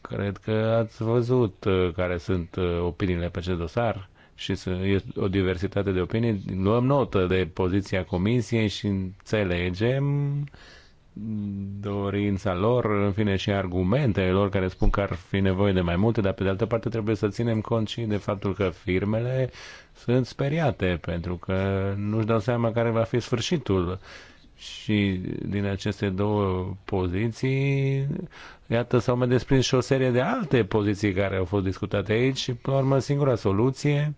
Cred că ați văzut uh, care sunt uh, opiniile pe acest dosar și să e o diversitate de opinii. Luăm notă de poziția comisiei și înțelegem dorința lor, în fine și argumentele lor care spun că ar fi nevoie de mai multe, dar pe de altă parte trebuie să ținem cont și de faptul că firmele sunt speriate pentru că nu-și dau seama care va fi sfârșitul și din aceste două poziții, iată, s-au mai desprins și o serie de alte poziții care au fost discutate aici și, până la urmă, singura soluție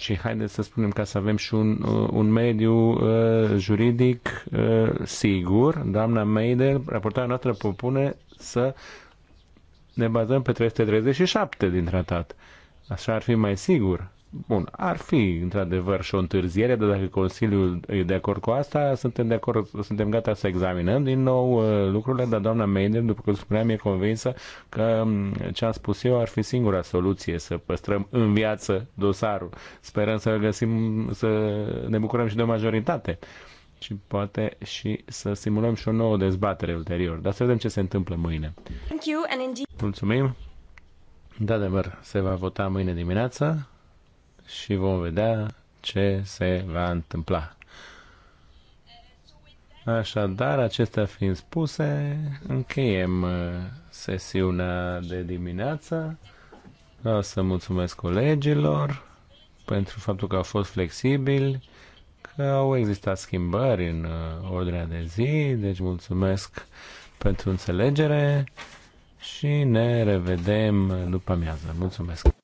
și haideți să spunem ca să avem și un, uh, un mediu uh, juridic uh, sigur. Doamna Meidel, raportarea noastră propune să ne bazăm pe 337 din tratat. Așa ar fi mai sigur Bun, ar fi într-adevăr și o întârziere, dar dacă Consiliul e de acord cu asta, suntem de acord, suntem gata să examinăm din nou uh, lucrurile, dar doamna Meidem, după cum spuneam, e convinsă că mm, ce am spus eu ar fi singura soluție să păstrăm în viață dosarul. Sperăm să găsim, să ne bucurăm și de o majoritate și poate și să simulăm și o nouă dezbatere ulterior. Dar să vedem ce se întâmplă mâine. Thank you and indeed... Mulțumim! De se va vota mâine dimineață și vom vedea ce se va întâmpla. Așadar, acestea fiind spuse, încheiem uh, sesiunea de dimineață. Vreau să mulțumesc colegilor pentru faptul că au fost flexibili, că au existat schimbări în uh, ordinea de zi, deci mulțumesc pentru înțelegere și ne revedem după amiază. Mulțumesc!